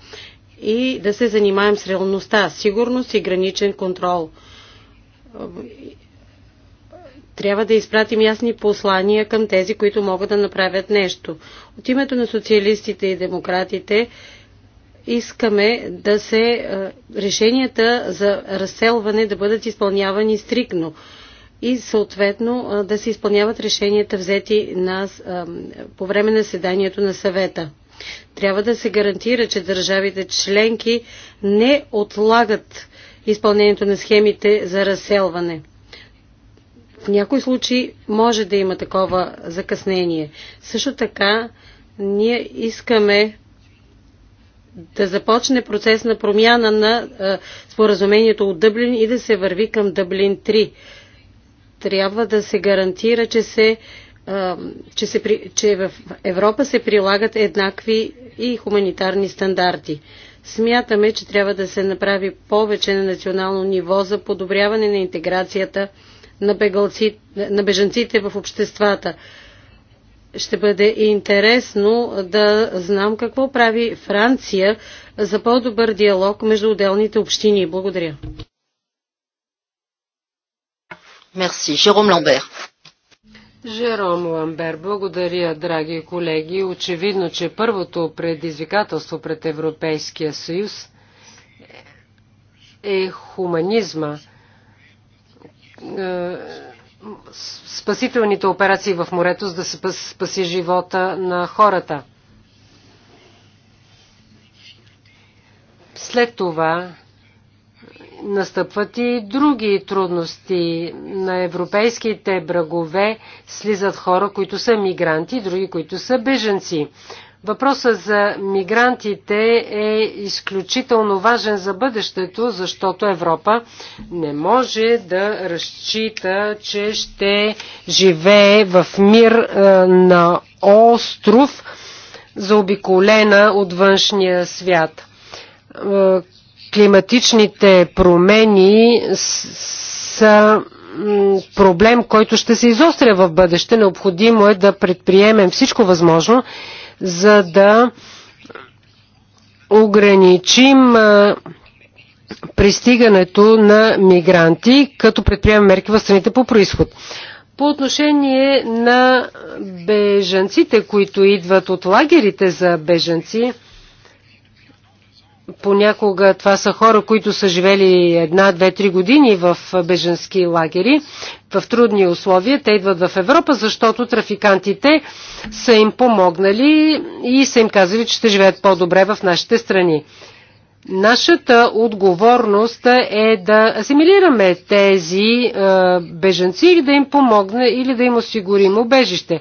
и да се занимаем с реалността, сигурност и граничен контрол. Трябва да изпратим ясни послания към тези, които могат да направят нещо. От името на социалистите и демократите искаме да се е, решенията за разселване да бъдат изпълнявани стрикно и съответно е, да се изпълняват решенията взети на, е, по време на седанието на съвета. Трябва да се гарантира, че държавите членки не отлагат изпълнението на схемите за разселване. В някои случаи може да има такова закъснение. Също така, ние искаме да започне процес на промяна на е, споразумението от Дъблин и да се върви към Дъблин 3. Трябва да се гарантира, че, се, е, че, се, че в Европа се прилагат еднакви и хуманитарни стандарти. Смятаме, че трябва да се направи повече на национално ниво за подобряване на интеграцията на, бегалци, на беженците в обществата. Ще бъде интересно да знам какво прави Франция за по-добър диалог между отделните общини. Благодаря. Мерси. Жером Ламбер. Жером Ламбер, благодаря, драги колеги. Очевидно, че първото предизвикателство пред Европейския съюз е хуманизма – е, спасителните операции в морето, за да се спаси живота на хората. След това настъпват и други трудности. На европейските брагове слизат хора, които са мигранти, други, които са беженци. Въпросът за мигрантите е изключително важен за бъдещето, защото Европа не може да разчита, че ще живее в мир е, на остров, заобиколена от външния свят. Е, климатичните промени са проблем, който ще се изостря в бъдеще. Необходимо е да предприемем всичко възможно, за да ограничим пристигането на мигранти, като предприемем мерки в страните по происход. По отношение на бежанците, които идват от лагерите за бежанци, понякога това са хора, които са живели една, две, три години в беженски лагери, в трудни условия. Те идват в Европа, защото трафикантите са им помогнали и са им казали, че ще живеят по-добре в нашите страни. Нашата отговорност е да асимилираме тези е, беженци или да им помогне или да им осигурим убежище.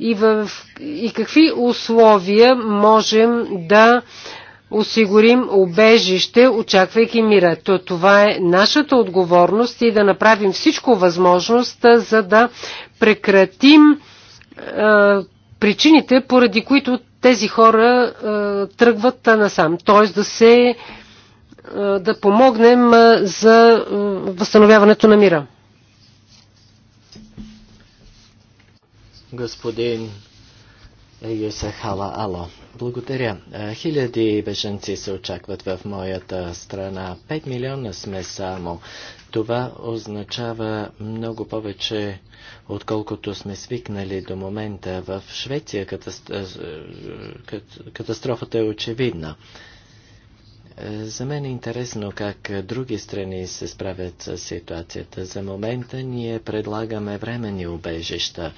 И, в, и какви условия можем да е, осигурим обежище, очаквайки мира. То, това е нашата отговорност и да направим всичко възможност, за да прекратим е, причините, поради които тези хора е, тръгват насам. Т.е. да се е, да помогнем за възстановяването на мира. Господин Ейесахала Ало. Благодаря. Хиляди беженци се очакват в моята страна. 5 милиона сме само. Това означава много повече, отколкото сме свикнали до момента. В Швеция катастрофата е очевидна. За мен е интересно как други страни се справят с ситуацията. За момента ние предлагаме временни убежища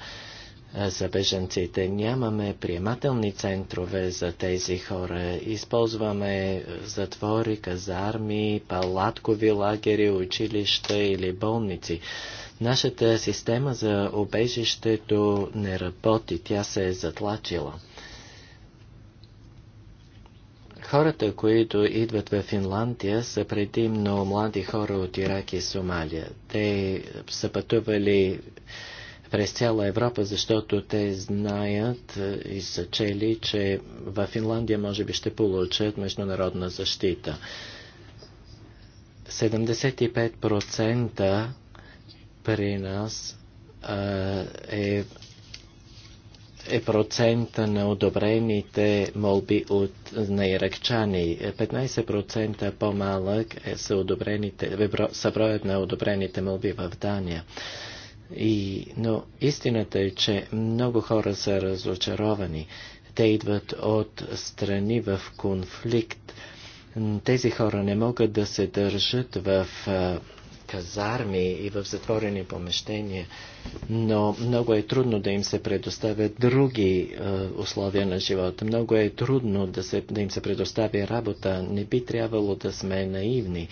за беженците. Нямаме приемателни центрове за тези хора. Използваме затвори, казарми, палаткови лагери, училища или болници. Нашата система за обежището не работи, тя се е затлачила. Хората, които идват в Финландия, са предимно млади хора от Ирак и Сомалия. Те са пътували през цяла Европа, защото те знаят е, и са чели, че в Финландия може би ще получат международна защита. 75% при нас е, е, е процента на одобрените молби от, на иракчани. 15% по-малък е, са, е са броят на одобрените молби в Дания. И, но истината е, че много хора са разочаровани. Те идват от страни в конфликт. Тези хора не могат да се държат в казарми и в затворени помещения, но много е трудно да им се предоставят други е, условия на живота. Много е трудно да, се, да им се предостави работа. Не би трябвало да сме наивни.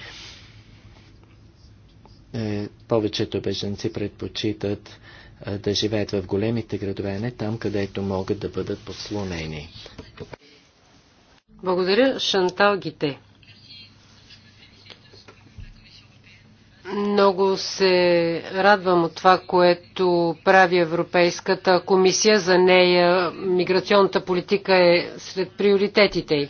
Е, повечето беженци предпочитат е, да живеят в големите градове, не там, където могат да бъдат подслонени. Благодаря, Шантал Гите. Много се радвам от това, което прави Европейската комисия. За нея миграционната политика е сред приоритетите й.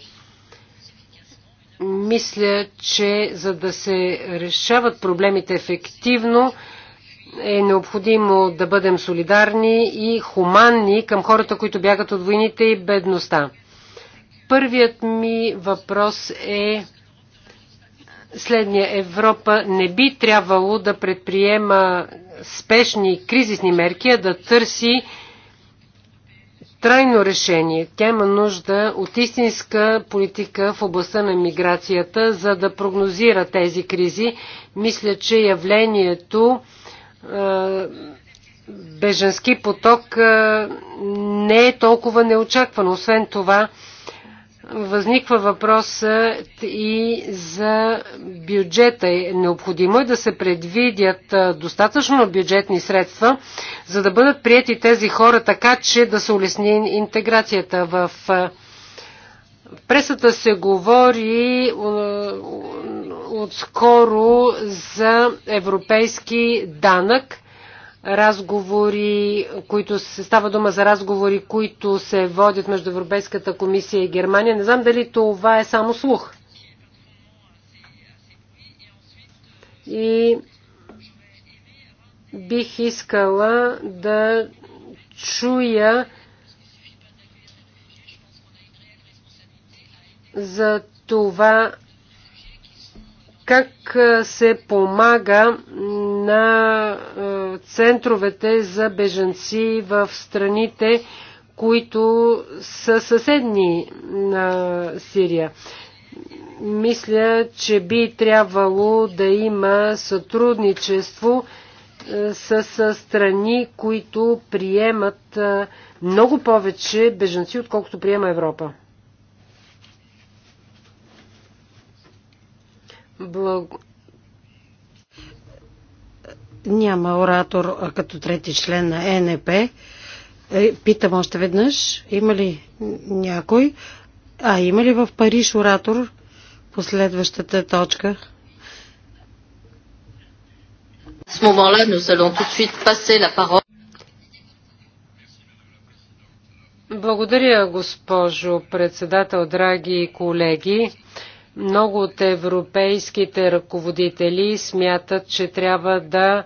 Мисля, че за да се решават проблемите ефективно, е необходимо да бъдем солидарни и хуманни към хората, които бягат от войните и бедността. Първият ми въпрос е следния. Европа не би трябвало да предприема спешни кризисни мерки, а да търси трайно решение. Тя има нужда от истинска политика в областта на миграцията, за да прогнозира тези кризи. Мисля, че явлението беженски поток не е толкова неочаквано. Освен това, Възниква въпросът и за бюджета. Необходимо е да се предвидят достатъчно бюджетни средства, за да бъдат прияти тези хора така, че да се улесни интеграцията в пресата се говори отскоро за европейски данък разговори, които се става дума за разговори, които се водят между Европейската комисия и Германия. Не знам дали това е само слух. И бих искала да чуя за това как се помага на центровете за бежанци в страните, които са съседни на Сирия. Мисля, че би трябвало да има сътрудничество с страни, които приемат много повече бежанци, отколкото приема Европа. Благо... Няма оратор като трети член на ЕНП. Е, питам още веднъж, има ли някой? А, има ли в Париж оратор по следващата точка? Благодаря, госпожо председател, драги колеги. Много от европейските ръководители смятат, че трябва да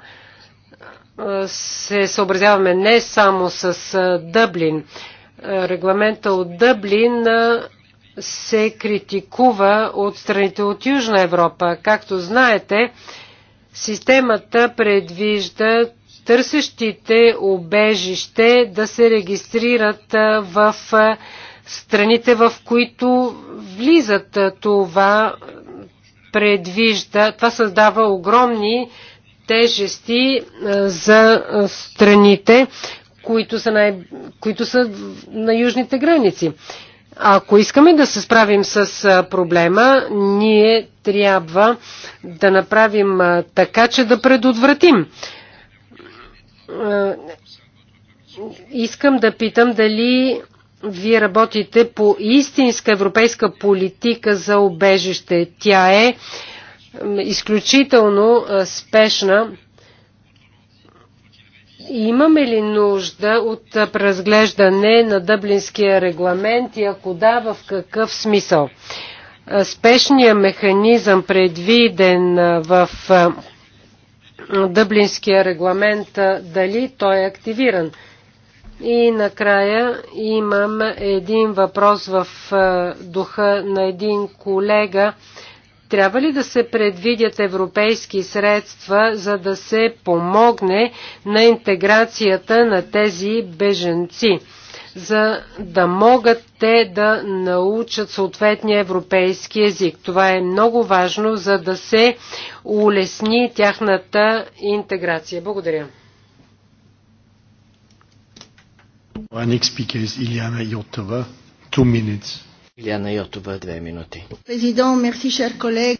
се съобразяваме не само с Дъблин. Регламента от Дъблин се критикува от страните от Южна Европа. Както знаете, системата предвижда търсещите обежище да се регистрират в страните, в които влизат това предвижда, това създава огромни тежести е, за страните, които са, най, които са на южните граници. Ако искаме да се справим с е, проблема, ние трябва да направим е, така, че да предотвратим. Искам да питам дали вие работите по истинска европейска политика за обежище. Тя е изключително спешна. Имаме ли нужда от преразглеждане на Дъблинския регламент и ако да, в какъв смисъл? Спешният механизъм, предвиден в Дъблинския регламент, дали той е активиран? И накрая имам един въпрос в е, духа на един колега. Трябва ли да се предвидят европейски средства, за да се помогне на интеграцията на тези беженци, за да могат те да научат съответния европейски език? Това е много важно, за да се улесни тяхната интеграция. Благодаря. Our next speaker is Iliana Yotova. Two minutes. две минути. Президент, мерси, шер колег.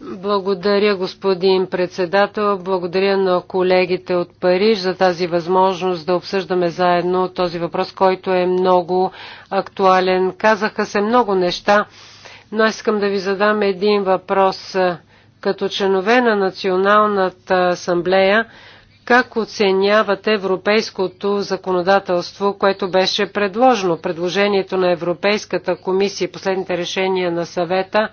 Благодаря, господин председател. Благодаря на колегите от Париж за тази възможност да обсъждаме заедно този въпрос, който е много актуален. Казаха се много неща, но искам да ви задам един въпрос. Като членове на Националната асамблея, как оценяват европейското законодателство, което беше предложено? Предложението на Европейската комисия и последните решения на съвета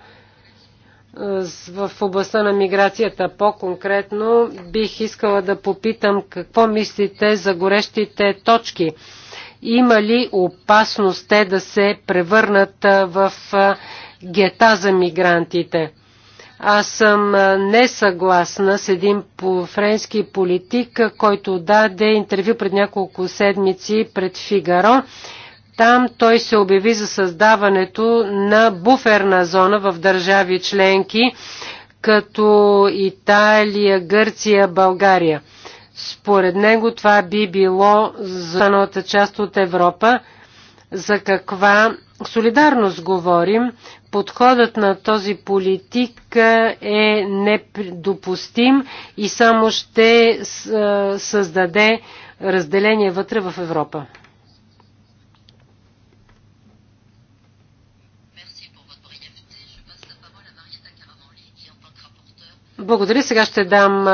в областта на миграцията по-конкретно, бих искала да попитам какво мислите за горещите точки. Има ли опасност те да се превърнат в гета за мигрантите? Аз съм несъгласна с един френски политик, който даде интервю пред няколко седмици пред Фигаро. Там той се обяви за създаването на буферна зона в държави членки, като Италия, Гърция, България. Според него това би било за част от Европа. За каква солидарност говорим? подходът на този политик е недопустим и само ще създаде разделение вътре в Европа. Благодаря. Сега ще дам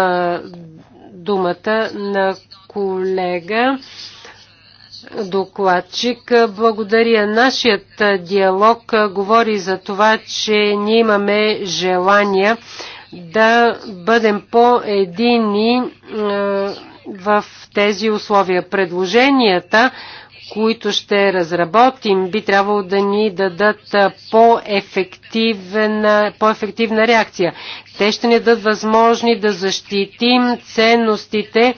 думата на колега докладчик. Благодаря. Нашият диалог говори за това, че ние имаме желание да бъдем по-едини в тези условия. Предложенията които ще разработим, би трябвало да ни дадат по-ефективна, по-ефективна реакция. Те ще ни дадат възможни да защитим ценностите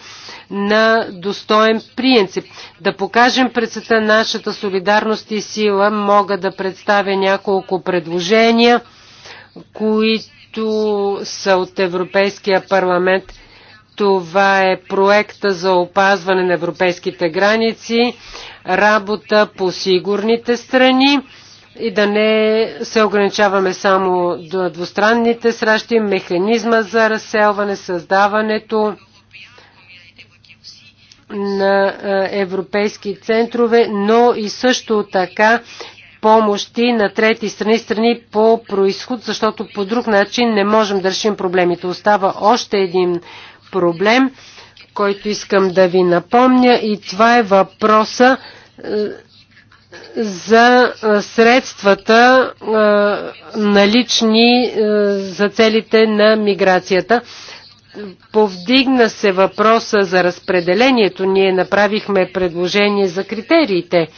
на достоен принцип. Да покажем пред света нашата солидарност и сила. Мога да представя няколко предложения, които са от Европейския парламент – това е проекта за опазване на европейските граници, работа по сигурните страни и да не се ограничаваме само до двустранните срещи, механизма за разселване, създаването на е, европейски центрове, но и също така помощи на трети страни, страни по происход, защото по друг начин не можем да решим проблемите. Остава още един проблем, който искам да ви напомня и това е въпроса е, за е, средствата е, налични за целите на миграцията. Повдигна се въпроса за разпределението. Ние направихме предложение за критериите,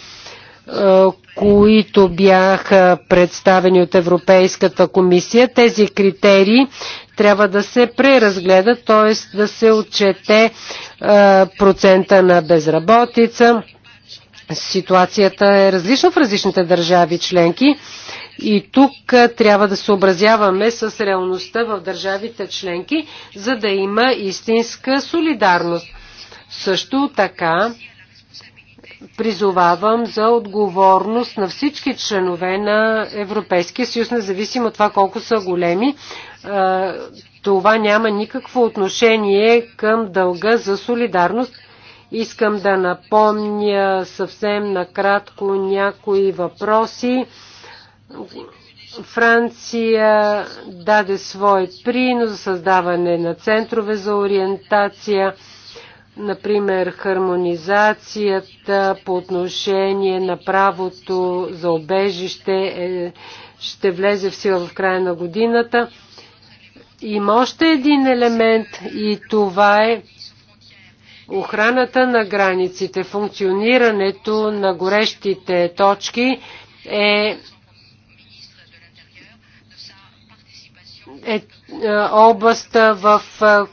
които бяха представени от Европейската комисия. Тези критерии трябва да се преразгледа, т.е. да се отчете е, процента на безработица. Ситуацията е различна в различните държави членки и тук е, трябва да съобразяваме с реалността в държавите членки, за да има истинска солидарност. Също така призовавам за отговорност на всички членове на Европейския съюз, независимо от това колко са големи, това няма никакво отношение към дълга за солидарност. Искам да напомня съвсем накратко някои въпроси. Франция даде свой принос за създаване на центрове за ориентация, например хармонизацията по отношение на правото за обежище е, ще влезе в сила в края на годината. Има още един елемент и това е охраната на границите. Функционирането на горещите точки е, е, е областта, в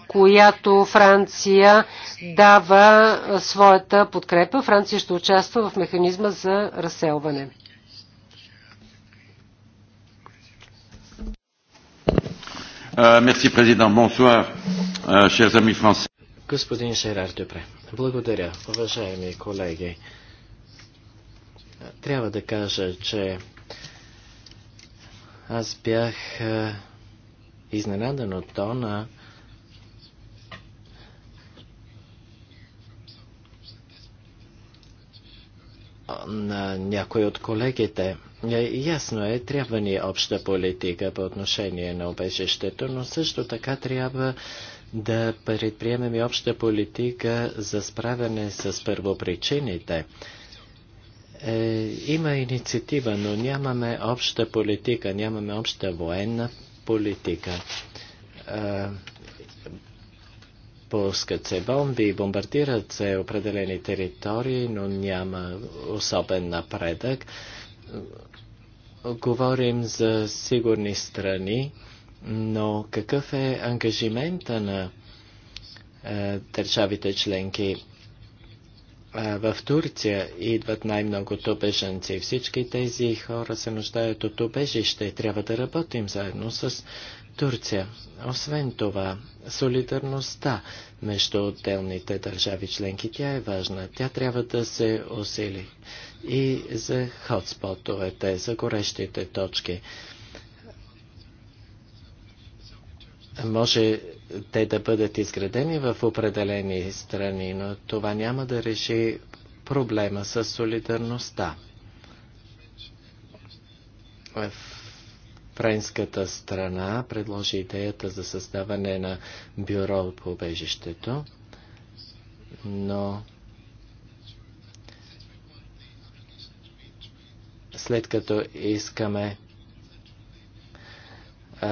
която Франция дава своята подкрепа. Франция ще участва в механизма за разселване. Мерси, президент. Бонсуар, шер ами француз. Господин Шерар Дюпре, благодаря. Уважаеми колеги, трябва да кажа, че аз бях е, изненадан от тона, на някои от колегите. Е, ясно е, трябва ни обща политика по отношение на обежището, но също така трябва да предприемем и обща политика за справяне с първопричините. Е, има инициатива, но нямаме обща политика, нямаме обща военна политика. Е, пускат се бомби, бомбардират се определени територии, но няма особен напредък говорим за сигурни страни, но какъв е ангажимента на е, държавите членки? Е, в Турция идват най-многото бежанци. Всички тези хора се нуждаят от убежище. Трябва да работим заедно с Турция. Освен това, солидарността между отделните държави членки, тя е важна. Тя трябва да се усили и за хотспотовете, за горещите точки. Може те да бъдат изградени в определени страни, но това няма да реши проблема с солидарността. В френската страна предложи идеята за създаване на бюро по убежището, но след като искаме а,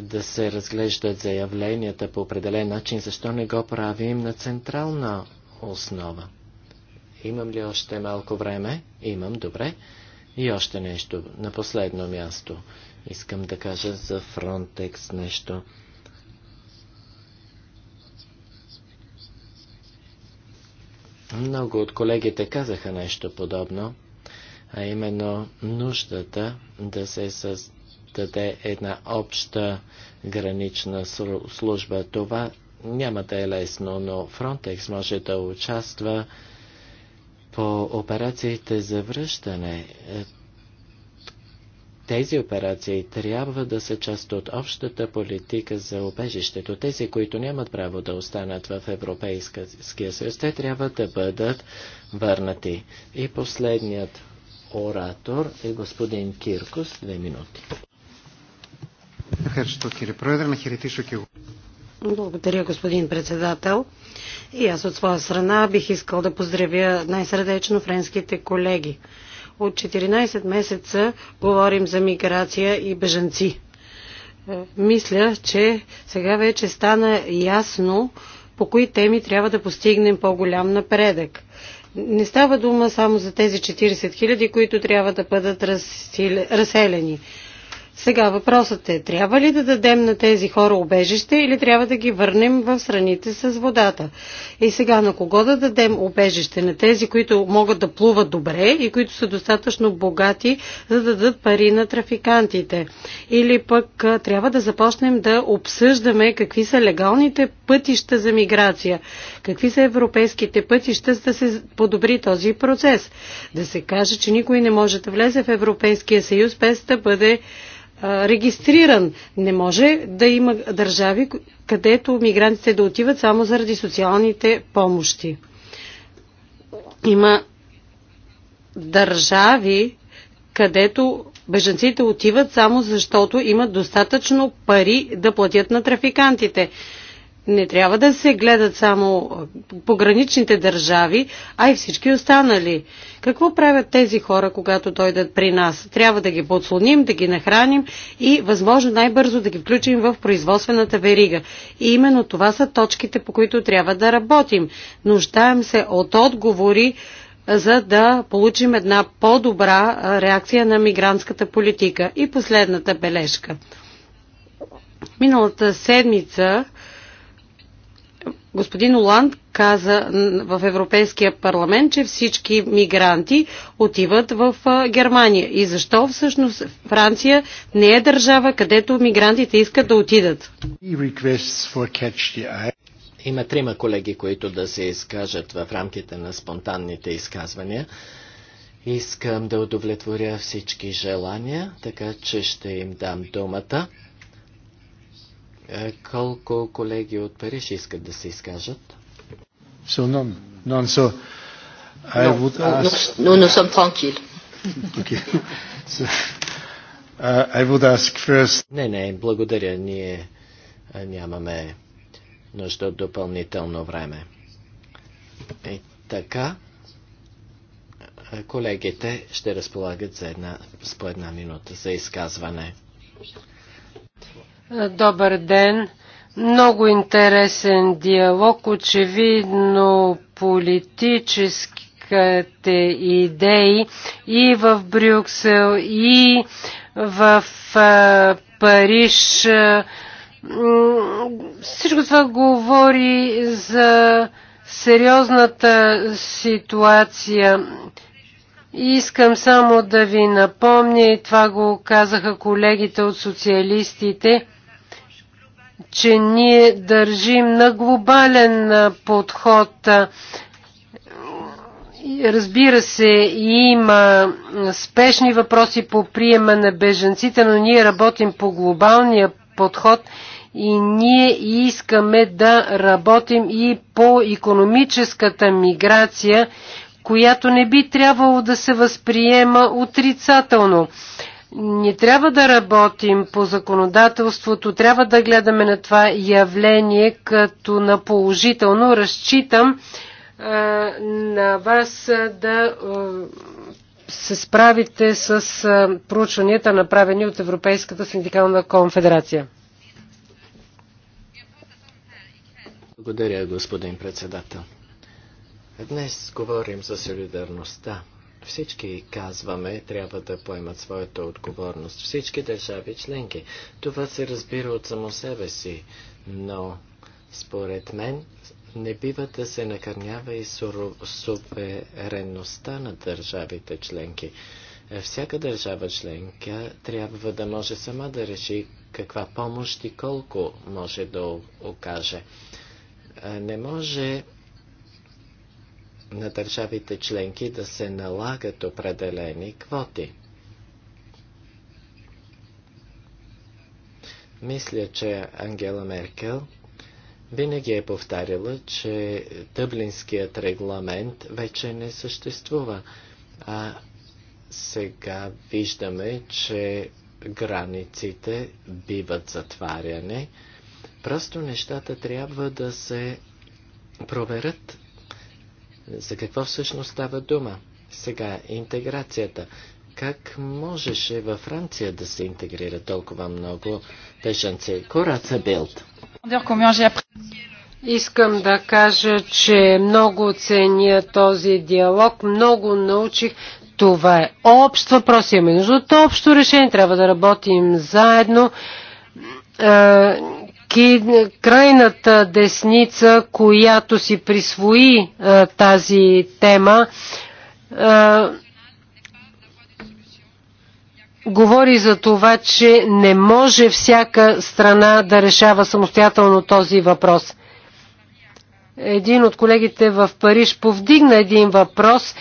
да се разглеждат заявленията по определен начин, защо не го правим на централна основа? Имам ли още малко време? Имам, добре. И още нещо. На последно място искам да кажа за Frontex нещо. Много от колегите казаха нещо подобно а именно нуждата да се създаде една обща гранична служба. Това няма да е лесно, но Frontex може да участва по операциите за връщане. Е, тези операции трябва да са част от общата политика за обежището. Тези, които нямат право да останат в Европейския съюз, те трябва да бъдат върнати. И последният оратор е господин Киркос. Две минути. Благодаря, господин председател. И аз от своя страна бих искал да поздравя най-сърдечно френските колеги. От 14 месеца говорим за миграция и бежанци. Е, мисля, че сега вече стана ясно по кои теми трябва да постигнем по-голям напредък. Не става дума само за тези 40 хиляди, които трябва да бъдат разселени. Сега въпросът е, трябва ли да дадем на тези хора обежище или трябва да ги върнем в страните с водата? И сега на кого да дадем обежище? На тези, които могат да плуват добре и които са достатъчно богати, за да дадат пари на трафикантите? Или пък трябва да започнем да обсъждаме какви са легалните пътища за миграция? Какви са европейските пътища, за да се подобри този процес? Да се каже, че никой не може да влезе в Европейския съюз без да бъде регистриран. Не може да има държави, където мигрантите да отиват само заради социалните помощи. Има държави, където беженците отиват само защото имат достатъчно пари да платят на трафикантите не трябва да се гледат само пограничните държави, а и всички останали. Какво правят тези хора, когато дойдат при нас? Трябва да ги подслоним, да ги нахраним и възможно най-бързо да ги включим в производствената верига. И именно това са точките, по които трябва да работим. Нуждаем се от отговори, за да получим една по-добра реакция на мигрантската политика. И последната бележка. Миналата седмица господин Оланд каза в Европейския парламент, че всички мигранти отиват в Германия. И защо всъщност Франция не е държава, където мигрантите искат да отидат? Има трима колеги, които да се изкажат в рамките на спонтанните изказвания. Искам да удовлетворя всички желания, така че ще им дам думата. Е, колко колеги от Париж искат да се изкажат? So, non, non, so I would ask... Okay. So, uh, I would ask first... Не, не, благодаря. Ние нямаме нужда от допълнително време. И така, колегите ще разполагат за една, с по една минута за изказване. Добър ден! Много интересен диалог. Очевидно политическите идеи и в Брюксел, и в Париж. Всичко това говори за сериозната ситуация. Искам само да ви напомня, и това го казаха колегите от социалистите, че ние държим на глобален подход. Разбира се, има спешни въпроси по приема на беженците, но ние работим по глобалния подход и ние искаме да работим и по економическата миграция, която не би трябвало да се възприема отрицателно. Ни трябва да работим по законодателството, трябва да гледаме на това явление като на положително. Разчитам а, е, на вас е, да а, е, се справите с а, проучванията, направени от Европейската синдикална конфедерация. Благодаря, господин председател. Днес говорим за солидарността всички казваме, трябва да поемат своята отговорност. Всички държави членки. Това се разбира от само себе си, но според мен не бива да се накърнява и суверенността на държавите членки. Е, всяка държава членка трябва да може сама да реши каква помощ и колко може да окаже. Е, не може на държавите членки да се налагат определени квоти. Мисля, че Ангела Меркел винаги е повтаряла, че Дъблинският регламент вече не съществува. А сега виждаме, че границите биват затваряне. Просто нещата трябва да се проверят за какво всъщност става дума? Сега, интеграцията. Как можеше във Франция да се интегрира толкова много бежанци? Кораца Билд. Искам да кажа, че много ценя този диалог, много научих. Това е общ въпрос, имаме нужда от общо решение, трябва да работим заедно е, пък крайната десница, която си присвои а, е, тази тема, а, е, говори за това, че не може всяка страна да решава самостоятелно този въпрос. Един от колегите в Париж повдигна един въпрос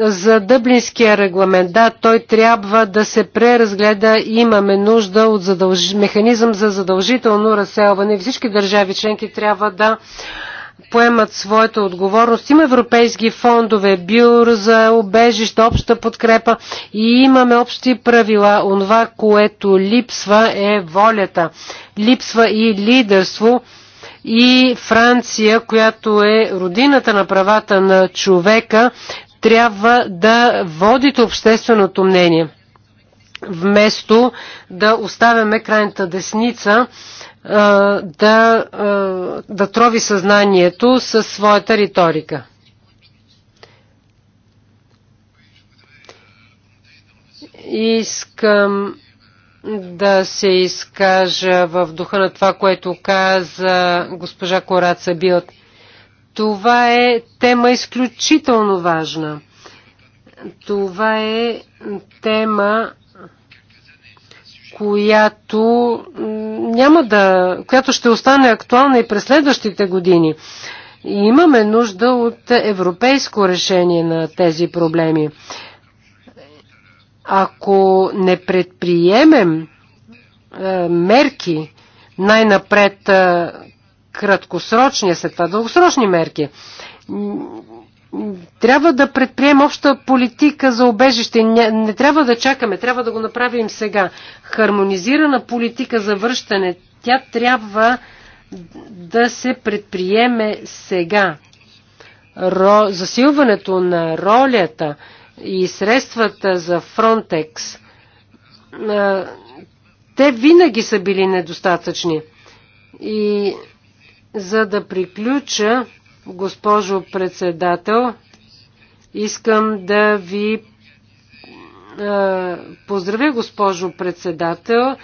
за дъблинския регламент. Да, той трябва да се преразгледа. Имаме нужда от задълж... механизъм за задължително разселване. Всички държави членки трябва да поемат своята отговорност. Има европейски фондове, бюро за обежище, обща подкрепа и имаме общи правила. Онова, което липсва е волята. Липсва и лидерство и Франция, която е родината на правата на човека, трябва да водите общественото мнение, вместо да оставяме крайната десница да, да трови съзнанието със своята риторика. Искам да се изкажа в духа на това, което каза госпожа Кораца Билт. Това е тема изключително важна. Това е тема, която няма да, която ще остане актуална и през следващите години. И имаме нужда от европейско решение на тези проблеми. Ако не предприемем е, мерки най-напред е, краткосрочни, а след това дългосрочни мерки. Трябва да предприем обща политика за обежище. Не, не трябва да чакаме, трябва да го направим сега. Хармонизирана политика за връщане, тя трябва да се предприеме сега. Ро, засилването на ролята и средствата за Фронтекс, те винаги са били недостатъчни. И за да приключа, госпожо председател, искам да ви поздравя, госпожо председател,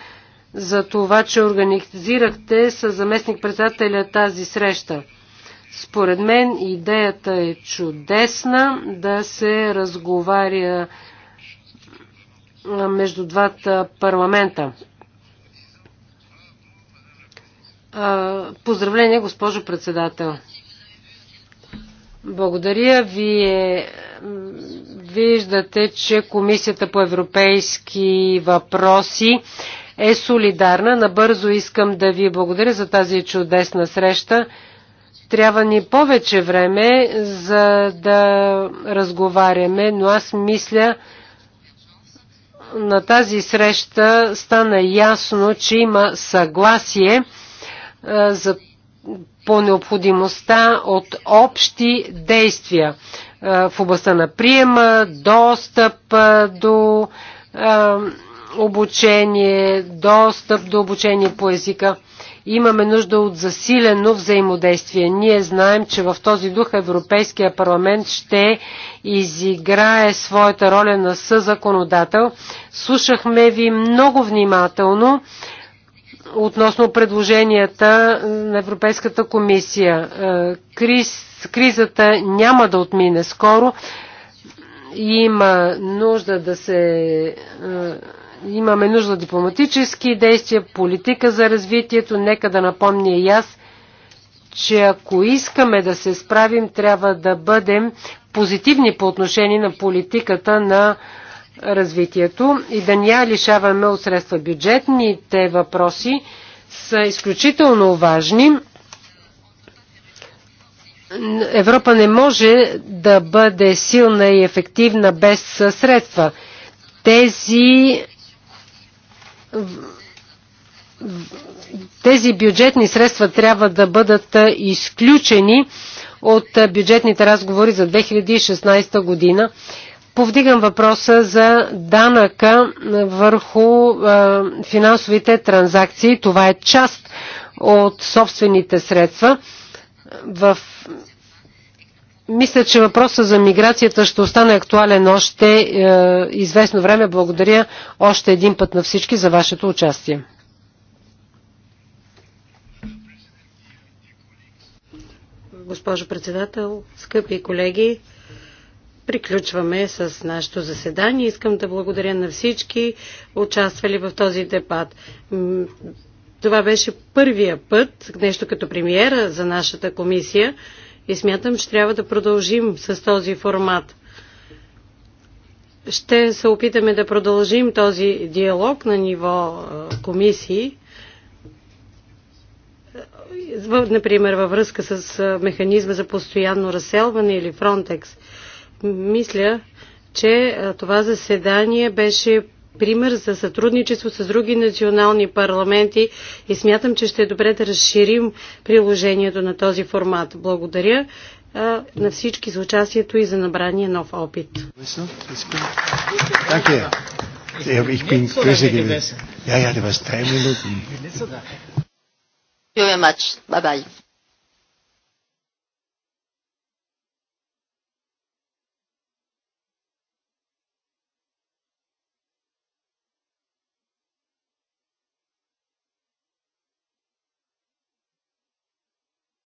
за това, че организирахте с заместник-председателя тази среща. Според мен идеята е чудесна да се разговаря между двата парламента. Поздравление, госпожо председател. Благодаря. Вие виждате, че Комисията по европейски въпроси е солидарна. Набързо искам да ви благодаря за тази чудесна среща. Трябва ни повече време, за да разговаряме, но аз мисля, на тази среща стана ясно, че има съгласие за по необходимостта от общи действия в областта на приема, достъп до обучение, достъп до обучение по езика. Имаме нужда от засилено взаимодействие. Ние знаем, че в този дух Европейския парламент ще изиграе своята роля на съзаконодател. Слушахме ви много внимателно относно предложенията на Европейската комисия. Е, криз, кризата няма да отмине скоро. Има нужда да се е, имаме нужда дипломатически действия, политика за развитието. Нека да напомня и аз, че ако искаме да се справим, трябва да бъдем позитивни по отношение на политиката на развитието и да ни я лишаваме от средства. Бюджетните въпроси са изключително важни. Европа не може да бъде силна и ефективна без средства. Тези тези бюджетни средства трябва да бъдат изключени от бюджетните разговори за 2016 година повдигам въпроса за данъка върху финансовите транзакции. Това е част от собствените средства. В... Мисля, че въпроса за миграцията ще остане актуален още е, известно време. Благодаря още един път на всички за вашето участие. Госпожо председател, скъпи колеги, Приключваме с нашето заседание. Искам да благодаря на всички, участвали в този дебат. Това беше първия път, нещо като премиера за нашата комисия и смятам, че трябва да продължим с този формат. Ще се опитаме да продължим този диалог на ниво комисии, например във връзка с механизма за постоянно разселване или Фронтекс – мисля, че това заседание беше пример за сътрудничество с други национални парламенти и смятам, че ще е добре да разширим приложението на този формат. Благодаря на всички за участието и за набрания нов опит. Thank Bye bye.